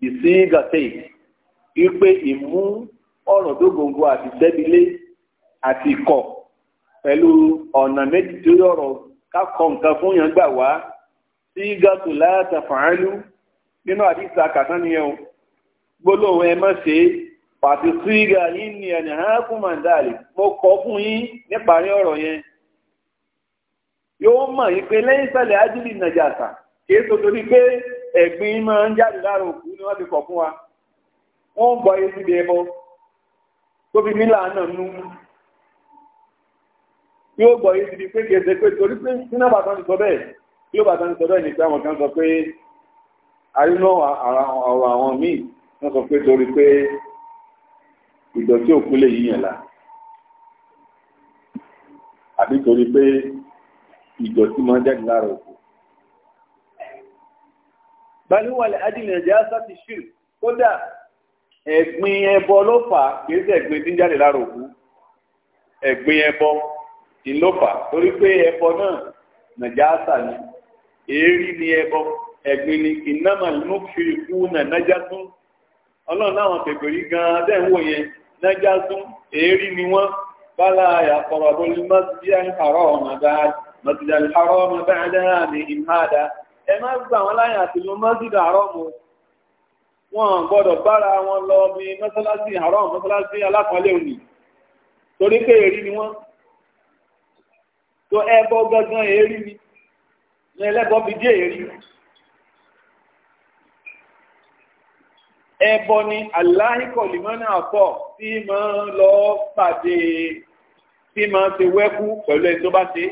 bisigate ipe ìmú ọ̀rọ̀ dógóńgó àti àti ikọ̀ pẹ̀lú ọ̀nà méjì tó yọ̀rọ̀ sígàtù láàtà fàánú nínú àdìsá kàtán nìyẹn o gbólóhùn ẹ má ṣe pàtó sígà yín ni ẹnì hàn kú màdàlì mo kọ fún yín níparí ọ̀rọ̀ yẹn yóò mọ̀ yín pé lẹ́yìn ìsàlẹ̀ ájúlì nàjàsà kì í sọ́tò pé ẹ̀gbin máa ń jáde lára òkú ni wọ́n ti kọ̀ fún wa wọ́n ń bọ etí bí ẹbọ tó fi nílà náà nú yóò bọ pé pé torí pé ti sọ bẹ́ẹ̀ tí ó bá tán sọ́dọ̀ ìní pé àwọn kan sọ pé arínú ọ̀rọ̀ àwọn míì wọ́n sọ pé torí pé ìdọ̀tí òkú lè yíyàn la àbí torí pé ìdọ̀tí máa ń jáde lára òkú. balùwàlẹ̀ adìlẹ̀ jẹ́ àṣàtì ṣìrì kódà ẹ̀gbin ẹbọ ló fà kìí ṣe ẹ̀gbin tí ń jáde lára òkú ẹ̀gbin ẹbọ ìlófà torí pé ẹbọ náà nàjà àṣà ni. èérí ni ẹbọ ẹ̀gbin ni ìnáma ló fi kú nà nájà tún ọlọ́run láwọn gan-an dẹ́ yẹn ni wọ́n bala aya abúlé masjid al-haram dáadáa masjid al-haram dáadáa ní ìmáàdá ẹ má gbà wọn láyé àti lọ masjid al wọn gbọ́dọ̀ ní ẹlẹ́bọ fi dí èrí ẹbọ ni aláhìkọ lìmọ́nà àpọ̀ tí máa ń lọ pàdé tí máa ń ṣe wẹ́kú pẹ̀lú ẹni tó bá ṣe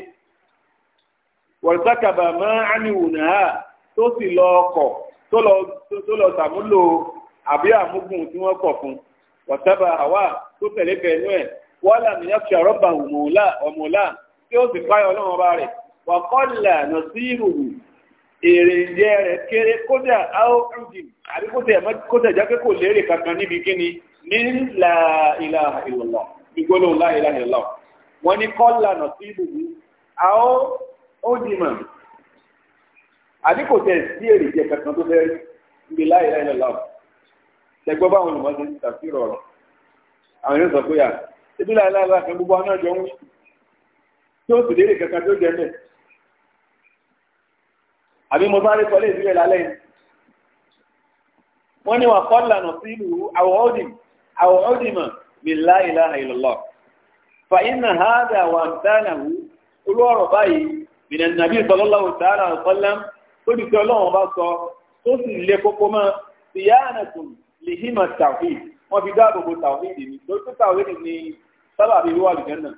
wọ̀rọ̀sákàbà máa ń ánìwò náà tó sì lọ ọkọ̀ tó lọ sàmúlò àbí àmúgùn tí wọ́n kọ̀ fún wọ̀sábà àwà tó tẹ̀lé bẹ̀ẹ́nú ẹ̀ wọ́n làmìyàn fi àrọ́bà ọmọọ̀lá tí ó sì páyọ̀ ọlọ́run ọba rẹ̀ wàkọ́là nọ̀síìrùhù èrè ìjẹ rẹ̀ kéré kódà áóùdì àbí kódà jápé kò lérè kankan níbi kíni ní la ilaha illallah ìgbólóhùn la ilaha illallah wọ́n ní kọ́là nọ̀síìrùhù áóùdì mọ̀ àbí kò tẹ̀ sí èrè ìjẹ kankan tó fẹ́ àbí mo sáré sọ lè sílẹ̀ lálẹ́ yìí wọ́n ní wà kọ́lànà sí ìlú àwọ̀ọ́dìmọ̀ mi la ilaha illallah fa inna hadha wa amthalahu olú ọ̀rọ̀ báyìí min an-nabi sallallahu ta'ala alaihi wasallam tó di tí ọlọ́run bá sọ tó sì lé kókó mọ́ siyanakum li hima tawhid wọ́n fi dáàbò bo tawhid ni lórí tó tawhid ni sábàbí wíwà lùjẹ́ náà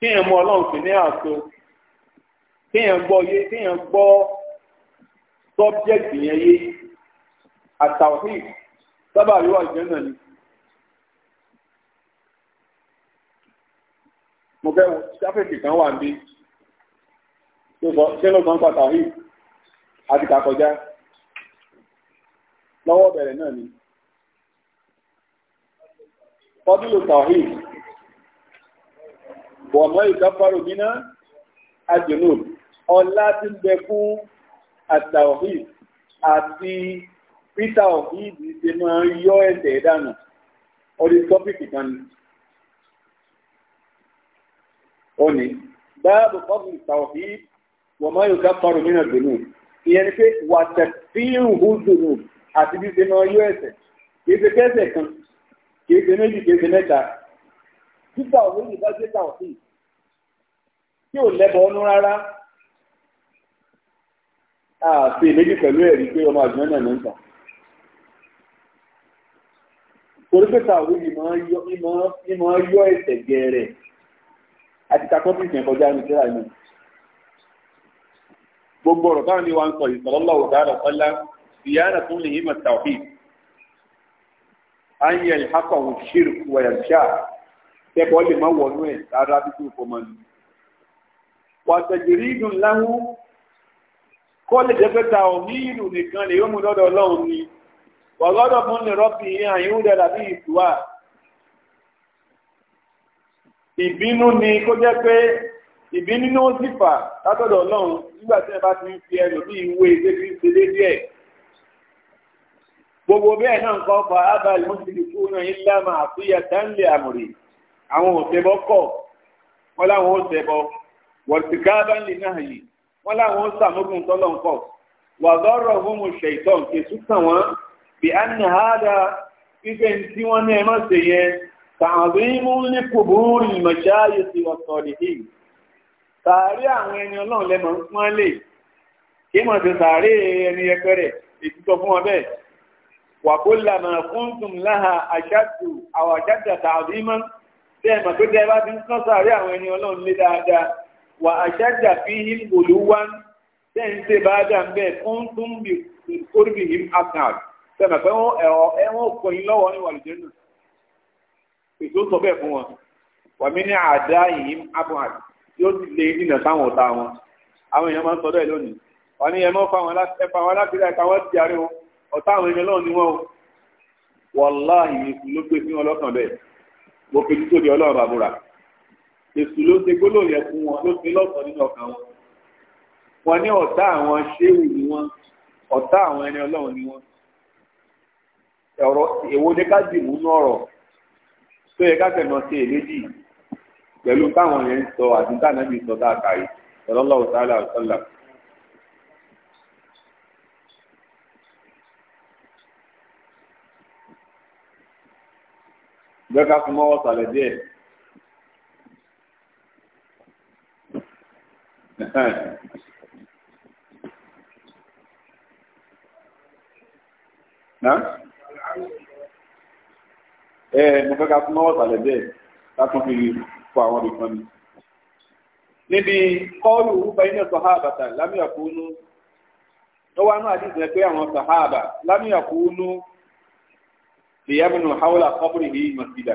kí ẹ̀ mú ọlọ́run sì ní àṣọ kéèyàn gbọ́ yé kéèyàn gbọ́ sọ́bjẹ́kì yẹn yé àtàwọ̀hìn sábà yóò àjẹ́ náà ni. mo fẹ́ sáfẹ́kì kan wà níbí tó sọ ṣé ló máa ń pàtàwọ̀hìn àti kàkọjá lọ́wọ́ bẹ̀rẹ̀ náà ni. Fọ́dúlù Tàwíì, wọ̀mọ́ ìkáfàrò bíná, àjùnúùbù ọlá tí ń bẹ fún àtàwọ̀hìd àti peter ọ̀hìd ṣe máa ń yọ ẹ̀sẹ̀ dànù orí tọ́pìkì kan ni. ó ní báàbù fọ́ọ̀mù àtàwọ̀hìd wọ́n máa yóò ká parọ́ nínú ìdùnnú ìyẹn ni pé wàtẹ̀fíìrù hùdùnnú àti bí ṣe máa yọ ẹ̀sẹ̀ kìí ṣe kẹ́sẹ̀ kan kìí ṣe méjì kìí ṣe mẹ́ta peter ọ̀hìd bá ṣe tàwọ̀hìd tí ò lẹ́bọ̀ ọ́nú rárá àti ìméjì pẹ̀lú ẹ̀rí pé ọmọ àjùmọ́ náà ń tàn. torí pé tàwọn ìmọ̀ yọ ẹ̀sẹ̀ gẹ̀ẹ́rẹ̀ àti takọ́tìsì ẹ̀kọjá ní síra ìmọ̀. gbogbo ọ̀rọ̀ táwọn ní wa ń sọ ìsọ̀lọ́lọ́ ọ̀gáàrọ̀ ọ̀lá ìyára tún lè yíma tàwí. a ń yẹ ìhápà òun ṣírí wẹ̀yà ṣáà kẹ́kọ̀ọ́ lè kó lè jẹ́ pé ta òní ìlú nìkan lè yóò mú lọ́dọ̀ ọlọ́run ni wà lọ́dọ̀ fún lè rọ́pì yín àyíwú dẹ̀dà bí ìtùwà ìbínú ni kó jẹ́ pé ìbínú ní ó sì fà látọ̀dọ̀ ọlọ́run nígbà tí ẹ bá ti ń fi ẹnu bí gbogbo bẹ́ẹ̀ náà nǹkan fa abàlì mú sílì kú náà yín lámà àfíyà tánlẹ̀ àmùrè àwọn òṣèbọ kọ̀ wọ́n láwọn òṣèbọ wọ̀tìkábánlẹ̀ náà yìí wọ́n láwọn sàmúgùn tọ́lọ̀ ń kọ̀ wà lọ́rọ̀ fún mu ṣètọ́n kèsù kàn wọ́n bí a ní àádá fífẹ́ tí wọ́n ní ẹmọ́ sí yẹn tàbí mú ní kòbúrú ìmọ̀ṣáyé sí ọ̀tọ̀ nìyí tààrí àwọn ẹni ọlọ́run lẹ́mọ̀ ń pọ́n lè kí mọ̀ sí tààrí ẹni yẹpẹrẹ ètùtọ fún wọn bẹ́ẹ̀ wà lànà fún tùm àṣàtù àwọn àṣàtù àtàwọn ìmọ̀ tẹ́ ẹ̀mọ̀ tó dẹ́ bá ti ń sán tààrí àwọn ẹni ọlọ́run lé dáadáa wà àṣájà fi him olúwa tẹ́ ń ṣe bá dà ń bẹ̀ fún tún bí kórìbì him afghan sẹ́mi pé ẹ̀wọ̀n kò ní lọ́wọ́ ní wàlùjẹ́ náà ètò sọ bẹ́ẹ̀ fún wọn wà mí ní àdá him afghan yóò sì lé nínà sáwọn ọ̀tá wọn àwọn èèyàn máa ń sọdọ̀ ẹ̀ lónìí wọ́n ní ẹ̀mọ́ fa wọn ẹ̀fà ti àárẹ̀ wọn ọ̀tá àwọn èèyàn náà ni wọ́n wọ́láhì ló gbé sí wọn bẹ́ẹ̀ mo fi tó di ọlọ́run bàbúrà èsù ló ṣe gbólóò yẹ fún wọn ló ṣe lọ́sàn nínú ọkàn wọn wọn ní ọ̀tá àwọn ṣéwù ni wọn ọ̀tá àwọn ẹni ọlọ́run ni wọn ọ̀rọ̀ èwo ni ká dì múnú ọ̀rọ̀ tó yẹ ká fẹ̀mọ́ ṣe èlédì pẹ̀lú káwọn yẹn ń sọ àdúgbò ànábì sọ tá a kà yìí sallallahu ta'ala wa sallam. gbẹ́ká fún mọ́wọ́ sàlẹ̀ díẹ̀. ẹ mo fẹ́ ká tún mọ́wọ́ sàlẹ̀ bẹ́ẹ̀ látún fi fọ àwọn ibìkan mi. níbi kọ́ọ̀lù orúkọ iná sọ̀háàbà tà lámìyà kúnú tó wá náà àti ìsìnkú àwọn sọ̀háàbà lámìyà kúnú lèyàmínú haúlà kọ́bùrì yìí mọ̀sídà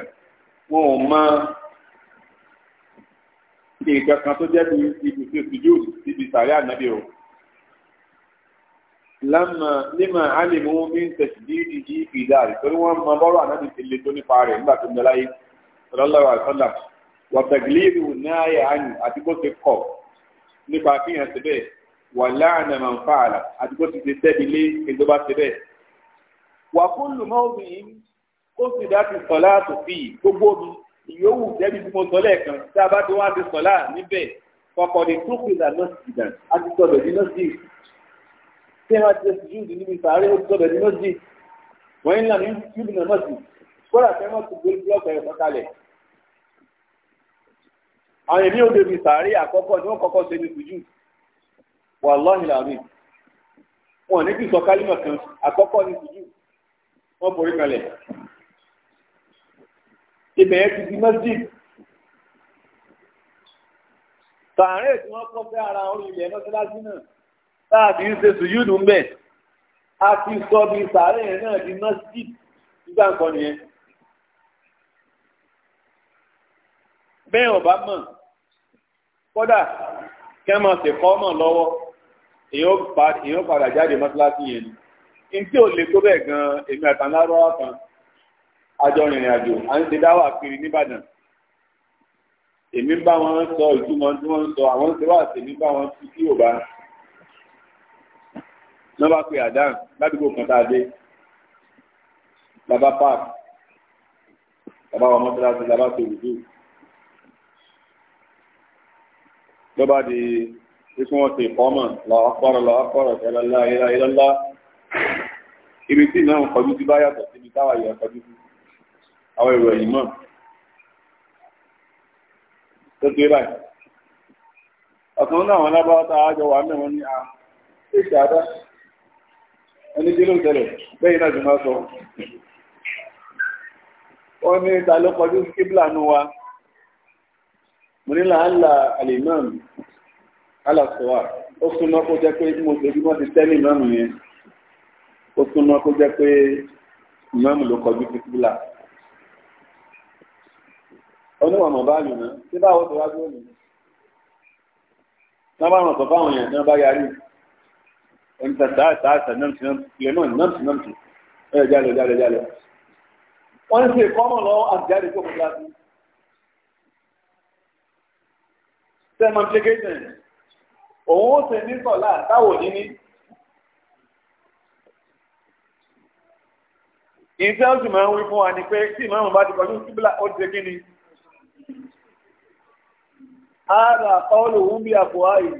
wọn ò máa nǹkan kan tó jẹ́ ibùsùn ìtìjú síbi sàárẹ̀ ànábì o. lámà nímà ánìmú mi ń tẹ̀sí bí ìdí ìdá rẹ̀ torí wọ́n mọ bọ́rọ̀ ànábì ti le tó nípa rẹ̀ nígbà tó ń bẹ láyé sallallahu alaihi wasallam wàtàgìlérù náà yà ánì àti bó ti kọ̀ nípa fíhàn síbẹ̀ wà láàánà màá ń fa àlà àti bó ti ti tẹ́bi lé èdè bá síbẹ̀. wà fún lùmọ́ọ̀bù yìí ó sì dá ti sọ̀ ìyówù jẹ́bi tí mo sọ lẹ́ẹ̀kan tí a bá ti wá ti sọ̀lá níbẹ̀ kọkọ ni tó pè lànà sídà á ti sọ bẹ̀rẹ̀ náà sí tí wọ́n ti ṣe júùdì níbi sàárẹ̀ ó ti sọ bẹ̀rẹ̀ náà sí wọ́n ń lànà júùdì náà sí kódà fẹ́ mọ́ ti gbé búlọ́ọ̀kì ẹ̀kọ́ kalẹ̀. àwọn èmi ò débi sàárẹ̀ àkọ́kọ́ ni wọ́n kọ́kọ́ ṣe ní sùjú wàláhì làbí wọn ní kí sọ kálímọ̀ kan àkọ́kọ́ ní sùjú wọ́n forí kalẹ̀ ibẹ̀ yẹn ti di masjid tààrin tí wọ́n kọ́ fẹ́ ara orí ilẹ̀ mọ́sálásí náà táàbí ń ṣe sùyúdù ń bẹ̀ a ti sọ bí sàárẹ̀ yẹn náà di masjid nígbà kan nìyẹn bẹ́ẹ̀ ọ̀bá mọ̀ kódà kẹ́mọ̀ sì kọ́ mọ̀ lọ́wọ́ èèyàn padà jáde mọ́sálásí yẹn ni n tí ò lè tó bẹ́ẹ̀ gan-an èmi àtàlárọ̀ kan àjọ rìnrìn àjò à ń ṣe dáwà kiri nìbàdàn èmi bá wọn sọ ìtumọ̀ tí wọ́n ń sọ àwọn ṣe wà tèmi bá wọn tú sí yorùbá wọ́n bá pe àdáhùn ládùúgbò kan tá a dé bàbá park bàbá wọn mọ́tàlásí bàbá tó rùdú di ikú wọn ti fọ́mọ̀ lọ́ọ́kọ́rọ̀ lọ́ọ́kọ́rọ̀ ṣẹlẹ̀ láìláìlọ́lá ibi tí náà ń kọjú sí bá yàtọ̀ síbi táwa yìí kọjú sí àwọn èrò ẹ̀yìn mọ́ tó gbé báyìí ọ̀kan náà àwọn alábáwá tá a jọ wà mẹ́wọ́n ní a ṣe ìṣàdá ẹni tí ló ń tẹ̀lẹ̀ bẹ́yìn náà ti máa sọ wọ́n ní ta ló kọjú kíbla nu wa mo ní làálà alimam alàsọ́wà ó súnmọ́ kó jẹ́ pé mo ṣe bí wọ́n ti tẹ́lẹ̀ ìmáàmù yẹn ó súnmọ́ kó jẹ́ pé ìmáàmù ló kọjú kíbla oníwọ̀nà bá lù náà tí báwo tó wá tó lù náà bá ràn tó fáwọn èèyàn náà bá yarí ẹni tàtà àtàtà nọ́ọ̀tì nọ́ọ̀tì nọ́ọ̀tì nọ́ọ̀tì ẹ jálẹ̀ jálẹ̀ jálẹ̀ wọ́n ń ṣe ìkọ́mọ̀ lọ́wọ́ àtìjáde tó kọjá sí sẹ́mọ̀ pẹ́kẹ́tẹ̀ òun ó ṣe ní sọ̀lá táwọn òní ní ìṣẹ́ òṣù máa ń wí fún wa ni pé tí ìmọ̀ bá ti kọjú síbílà ó ti ṣe kí ni hádà ọlù ń bí àpò ààyè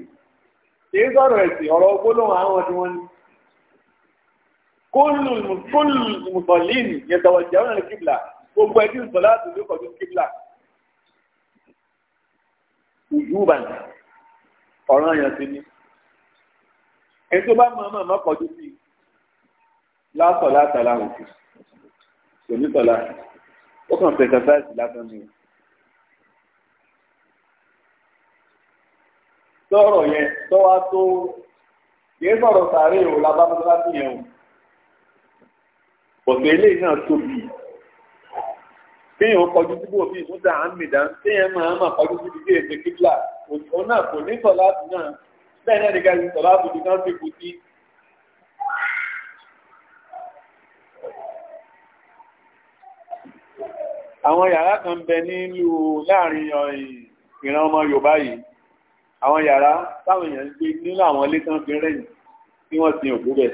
kìí sọ̀rọ̀ ẹ̀sìn ọ̀rọ̀ gbólóhùn àwọn tí wọ́n ní. kúlù mùsọ̀lìnì yẹtọ̀wọ̀ jẹ́ ọ̀nà kíbla gbogbo ẹbí ìsọ̀lá àti ìlú kọjú kíbla. ìjúbà ọ̀ràn yẹn ti ní. ẹni tó bá mọ ó kàn fẹ̀ kàfáìsì lásán ni sọ̀rọ̀ yẹn tọ́wá tó kìí sọ̀rọ̀ sàárè ò lábámọ́sáàtì yẹn o ọ̀sẹ̀ ilé náà tóbi téèyàn kọjú síbò bíi múdà ámìdá téèyàn máa máa kọjú síbi bí èsè kíbla òṣìṣẹ́ náà kò ní sọ láti náà bẹ́ẹ̀ náà nìkan sọ láti ibi náà fi kú sí. àwọn yàrá kan bẹ nílùú láàrin ìran ọmọ Yorùbá yìí àwọn yàrá táwọn èèyàn ń gbé nínú àwọn ilé tán fi rẹ̀yìn tí wọ́n sin òkú bẹ̀.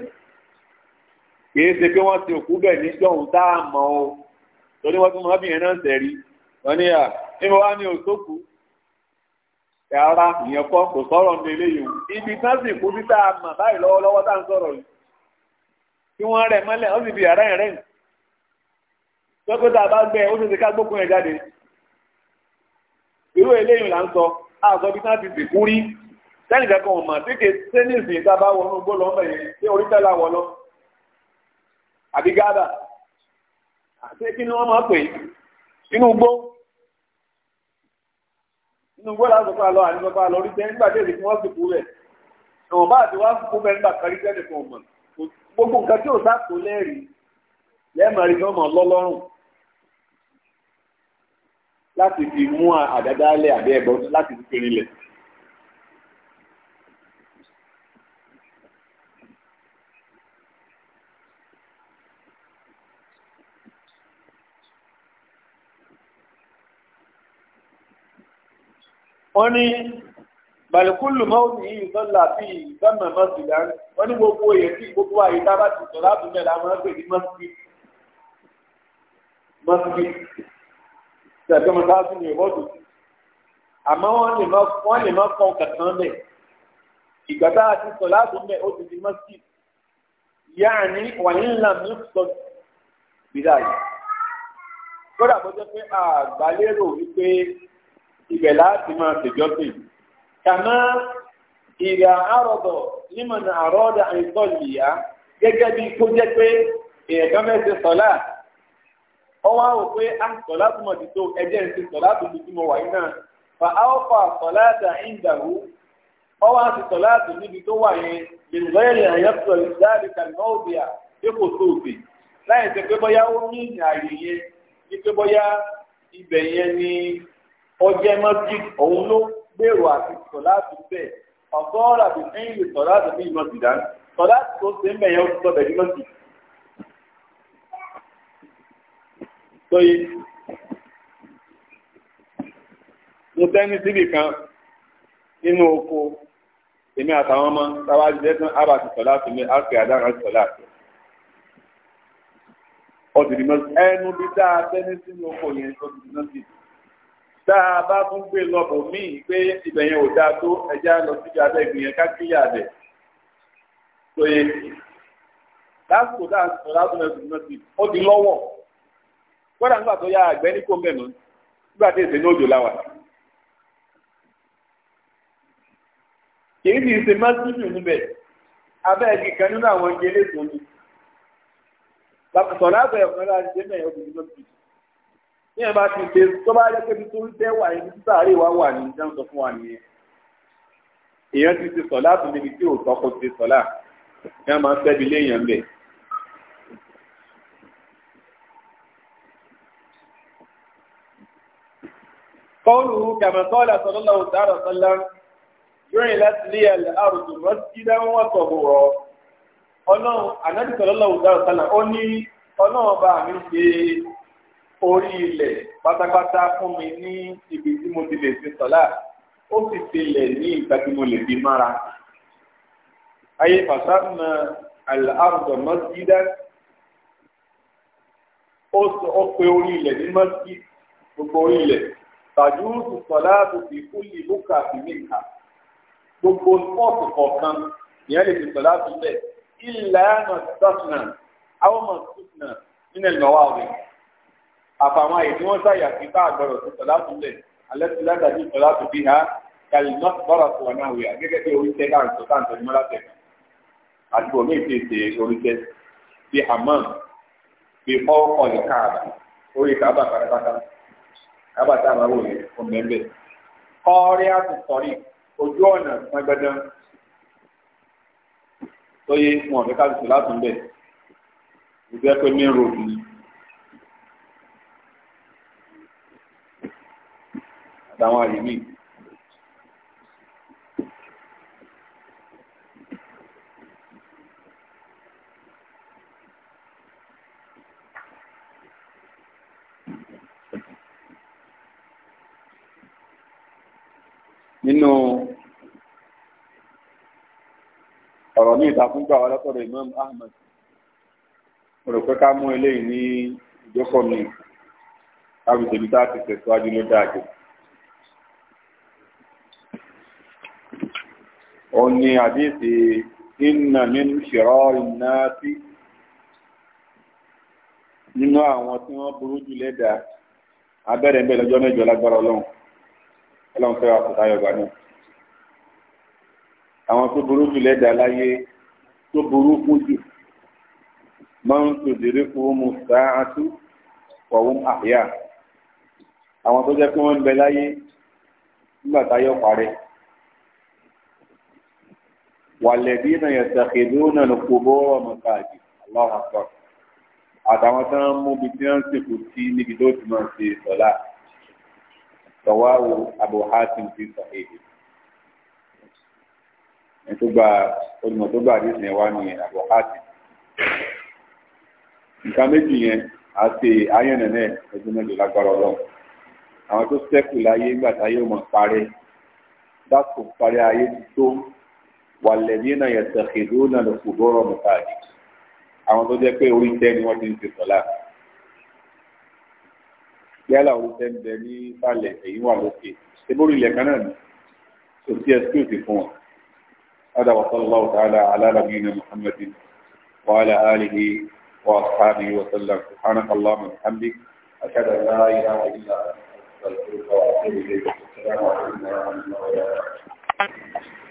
kìí ṣe pé wọ́n sin òkú bẹ̀ níjọ́ òun tá a mọ̀ o torí wọ́n tún mọ ọbìnrin náà tẹ̀rí wọ́n ní à níbo wá ní òṣòkù yàrá ìyẹn kọ́ kò sọ̀rọ̀ ní eléyìí o ibi tán sì kú títà mọ̀ báyìí lọ́wọ́lọ́wọ́ tá à ń sọ̀rọ̀ yìí tí wọ́n rẹ̀ mọ́lẹ̀ ó sì fi yàrá yẹn rẹ̀yìn ń sọ àgọ́bí náà ti sìnkú rí sẹ́nì kankan wọn mà síkè sẹ́nìsì ìtaba wọnú gbó lọ́mọ yẹn ṣé orítẹ́lá wọ lọ àbí gádà àti kí ni wọ́n máa pè inú gbó inú gbó láti sọ́kọ́ àlọ́ àti sọ́kọ́ àlọ́ orítẹ́ nígbà tí èdè kí wọ́n sìnkú rẹ̀ ìwọ̀n bá àti wá sìnkú mẹ́rin nígbà kan rítẹ́ nìkan mọ̀ gbogbo nǹkan tí ò sá tó lẹ́rìí lẹ́ẹ̀mọ̀ láti fi mú àdádálẹ̀ àbí ẹ̀bọ láti fi fi rinlẹ̀. wọ́n ní balùkúlù mọ́ọ̀nì yìí sọ́là bí ìgbàmọ̀ mọ́sílá wọ́n ní gbogbo èyí tí gbogbo àyè tá bá ti sọ láti mẹ́ta máa ń pè ní mọ́sílì mọ́sílì tẹ̀sí ọmọ sáà sí ní ìwọ́dù àmọ́ wọ́n lè má wọ́n lè má fọ́n kankan bẹ̀ ìgbà tá a ti sọ láti mẹ́ ó ti di mọ́sí yáàní wà ní ńlá mi sọ bídà yìí kódà bó jẹ́ pé àgbálérò wípé ibẹ̀ láti máa tẹ̀jọ́ pé kàmá ìrà àròdọ̀ nímọ̀nà àròdà àìsàn ìyá gẹ́gẹ́ bí kó jẹ́ pé èèyàn kan fẹ́ ọwọ́ àwọn pé a ah, sọ̀lá tó mọ̀ ti tó ẹjẹ́ ń ti sọ̀lá tó ti mọ̀ wáyé náà fa alfa sọ̀lá ta ìdàrú ọwọ́ àti sọ̀lá tó níbi tó wà yẹn lèlọ́yẹ̀ àyẹ̀kọ̀ ìdáàbí kàlọ́ọ̀bìà pé kò tó òbí láì ṣe pé bóyá ó ní ìrìn àyè yẹn ní pé bóyá ibẹ̀ yẹn ni ọjẹ́ mọ́tì òun ló gbèrò àti sọ̀lá tó bẹ̀ ọ̀sọ́ ọ̀rà tó fẹ́yìn sóyí mo tẹ́ni síbì kan nínú oko èmi àtàwọn ọmọ táwa jẹ́ tán ábà ti sọ̀lá sí mi ápè àdára ti sọ̀lá sí ọdún ìmọ̀ ẹnu bí tá a tẹ́ni sínú oko yẹn ọdún ìmọ̀ sí tá a bá tún gbé lọ́bọ̀ míì pé ibẹ̀ yẹn ò dáa tó ẹja lọ síbi abẹ́ ìgbìyàn kákíyà bẹ̀ sóyè lásìkò dáa sọ̀rọ̀ àtúnṣe ìgbìmọ̀ sí ó lọ́wọ́ kódà nígbà tó yá àgbẹ̀ ní kó mẹ́nu nígbà tí èsè ní òjò láwà. kìí sì ṣe mọ́sídùú níbẹ̀ abẹ́ ẹ̀gì kan nínú àwọn igi eléso ni. sọ̀rọ̀ àbẹ̀ ọ̀kan láti ṣe mẹ́yìn obìnrin ló ti ní ẹ̀ bá ti ṣe tó bá yẹ kébi tó ń tẹ́ wà ní sáré wa wà ní ìjà ń sọ fún wa nìyẹn. èèyàn ti ṣe sọ̀lá àtúndébi tí ò tọ́kọ ti ṣe sọ̀lá ẹ̀ قوله كما قال صلى الله عليه وسلم جعلت لي الأرض مسجدا وطهورا ọlọ́run ànábì sọlọ́lọ́wọ́ dáhùn sálà ó ní ọlọ́run bá mi ṣe orí ilẹ̀ pátápátá fún mi ní ibi tí mo ti lè ṣe sọ́lá ó sì tilẹ̀ ní ìgbà tí mo lè fi mára. ayé fàtàmà al-ardu masjidan ó pe orí ilẹ̀ ní masjid gbogbo orí ilẹ̀ tàjúùsù sọ̀láàtù fi kú lè búkà sí nìkan gbogbo pọ́ọ̀tù kọ̀ọ̀kan ìyẹn lè fi sọ̀láàtù bẹ̀ ilẹ̀ àmọ̀ sọ́tùnà àwọn ọmọ sọ́tùnà nínú ìnáwó àwẹ̀ àfàwọn àyè tí wọ́n sáyà fi bá àgbọ̀rọ̀ sí sọ̀láàtù bẹ̀ alẹ́ ti látàjú sọ̀láàtù bí ha kàlùmọ́ bọ́rọ̀ tó wà náà wẹ̀ gẹ́gẹ́ bí orí tẹ́ láǹtọ̀ táǹtọ̀ ní mọ́látẹ̀ àdúgbò kábàtà àwọn òye òmìnirè kọ́ọ́rí àtúntọ́rí ojú ọ̀nà pẹ́gbẹ́dán tó yé wọn ọ̀dẹ́ kábíyèsí látún bẹ̀ ìgbẹ́ pé main road ni. àtàwọn àyè míì. nínú ọ̀rọ̀ ní ìtàkùngbà wa lọ́tọ̀dọ̀ Imam Ahmad mo rò pé ká mú eléyìí ní ìjókòó mi láti tèmi tá a ti tẹ̀síwájú ló dáa jù. òun ni àdéhìsì inna min shirari nnasi nínú àwọn tí wọ́n burú jù lẹ́dàá abẹ́rẹ́ ń bẹ lọ́jọ́ mẹ́jọ lágbára ọlọ́run ọlọ́run fẹ́ wá kó táyọ̀ gbà náà. àwọn tó burú jù lẹ́dàá láyé tó burú fún jù máa ń tòdìrí fún mu sáájú wọ̀hún àyà àwọn tó jẹ́ pé wọ́n ń bẹ láyé nígbà táyọ̀ parẹ́ wàlẹ́dínà yẹ̀sàkèdè ó nànà kó bọ́ ọmọ káàdì aláwọ̀ àtàwọn tó ń mú ibi tí wọ́n ń sìnkú sí níbi tó ti máa ń ṣe sọ́lá. رواه أبو حاتم في صحيحه ntuba olùmọ̀tòba àdìsí yẹn wá nìyẹn àbọ̀ hàtì nǹkan méjì yẹn àti ayọ̀nà náà ẹgbẹ́ mẹ́jọ lágbára ọlọ́run àwọn tó sẹ́kù láyé nígbà táyé ò mọ̀ parẹ́ dákò parẹ́ ayé tó wàlẹ́bí náà yẹn tẹ̀kẹ̀dó náà lọ́kùnbọ́rọ̀ mọ̀tàdì àwọn tó jẹ́ pé orí tẹ́ ni wọ́n ti ń ṣe sọ́lá. yálà òun tẹ́ ń bẹ ní falẹ̀ èyí wà lókè ebórí ilẹ̀ kan náà ni kò sí ẹsikúùsì fún wọn. هذا وصلى الله تعالى على نبينا محمد وعلى آله وأصحابه وسلم سبحانك اللهم وبحمدك أشهد أن لا إله إلا أنت أستغفرك وأتوب إليك السلام عليكم ورحمة الله وبركاته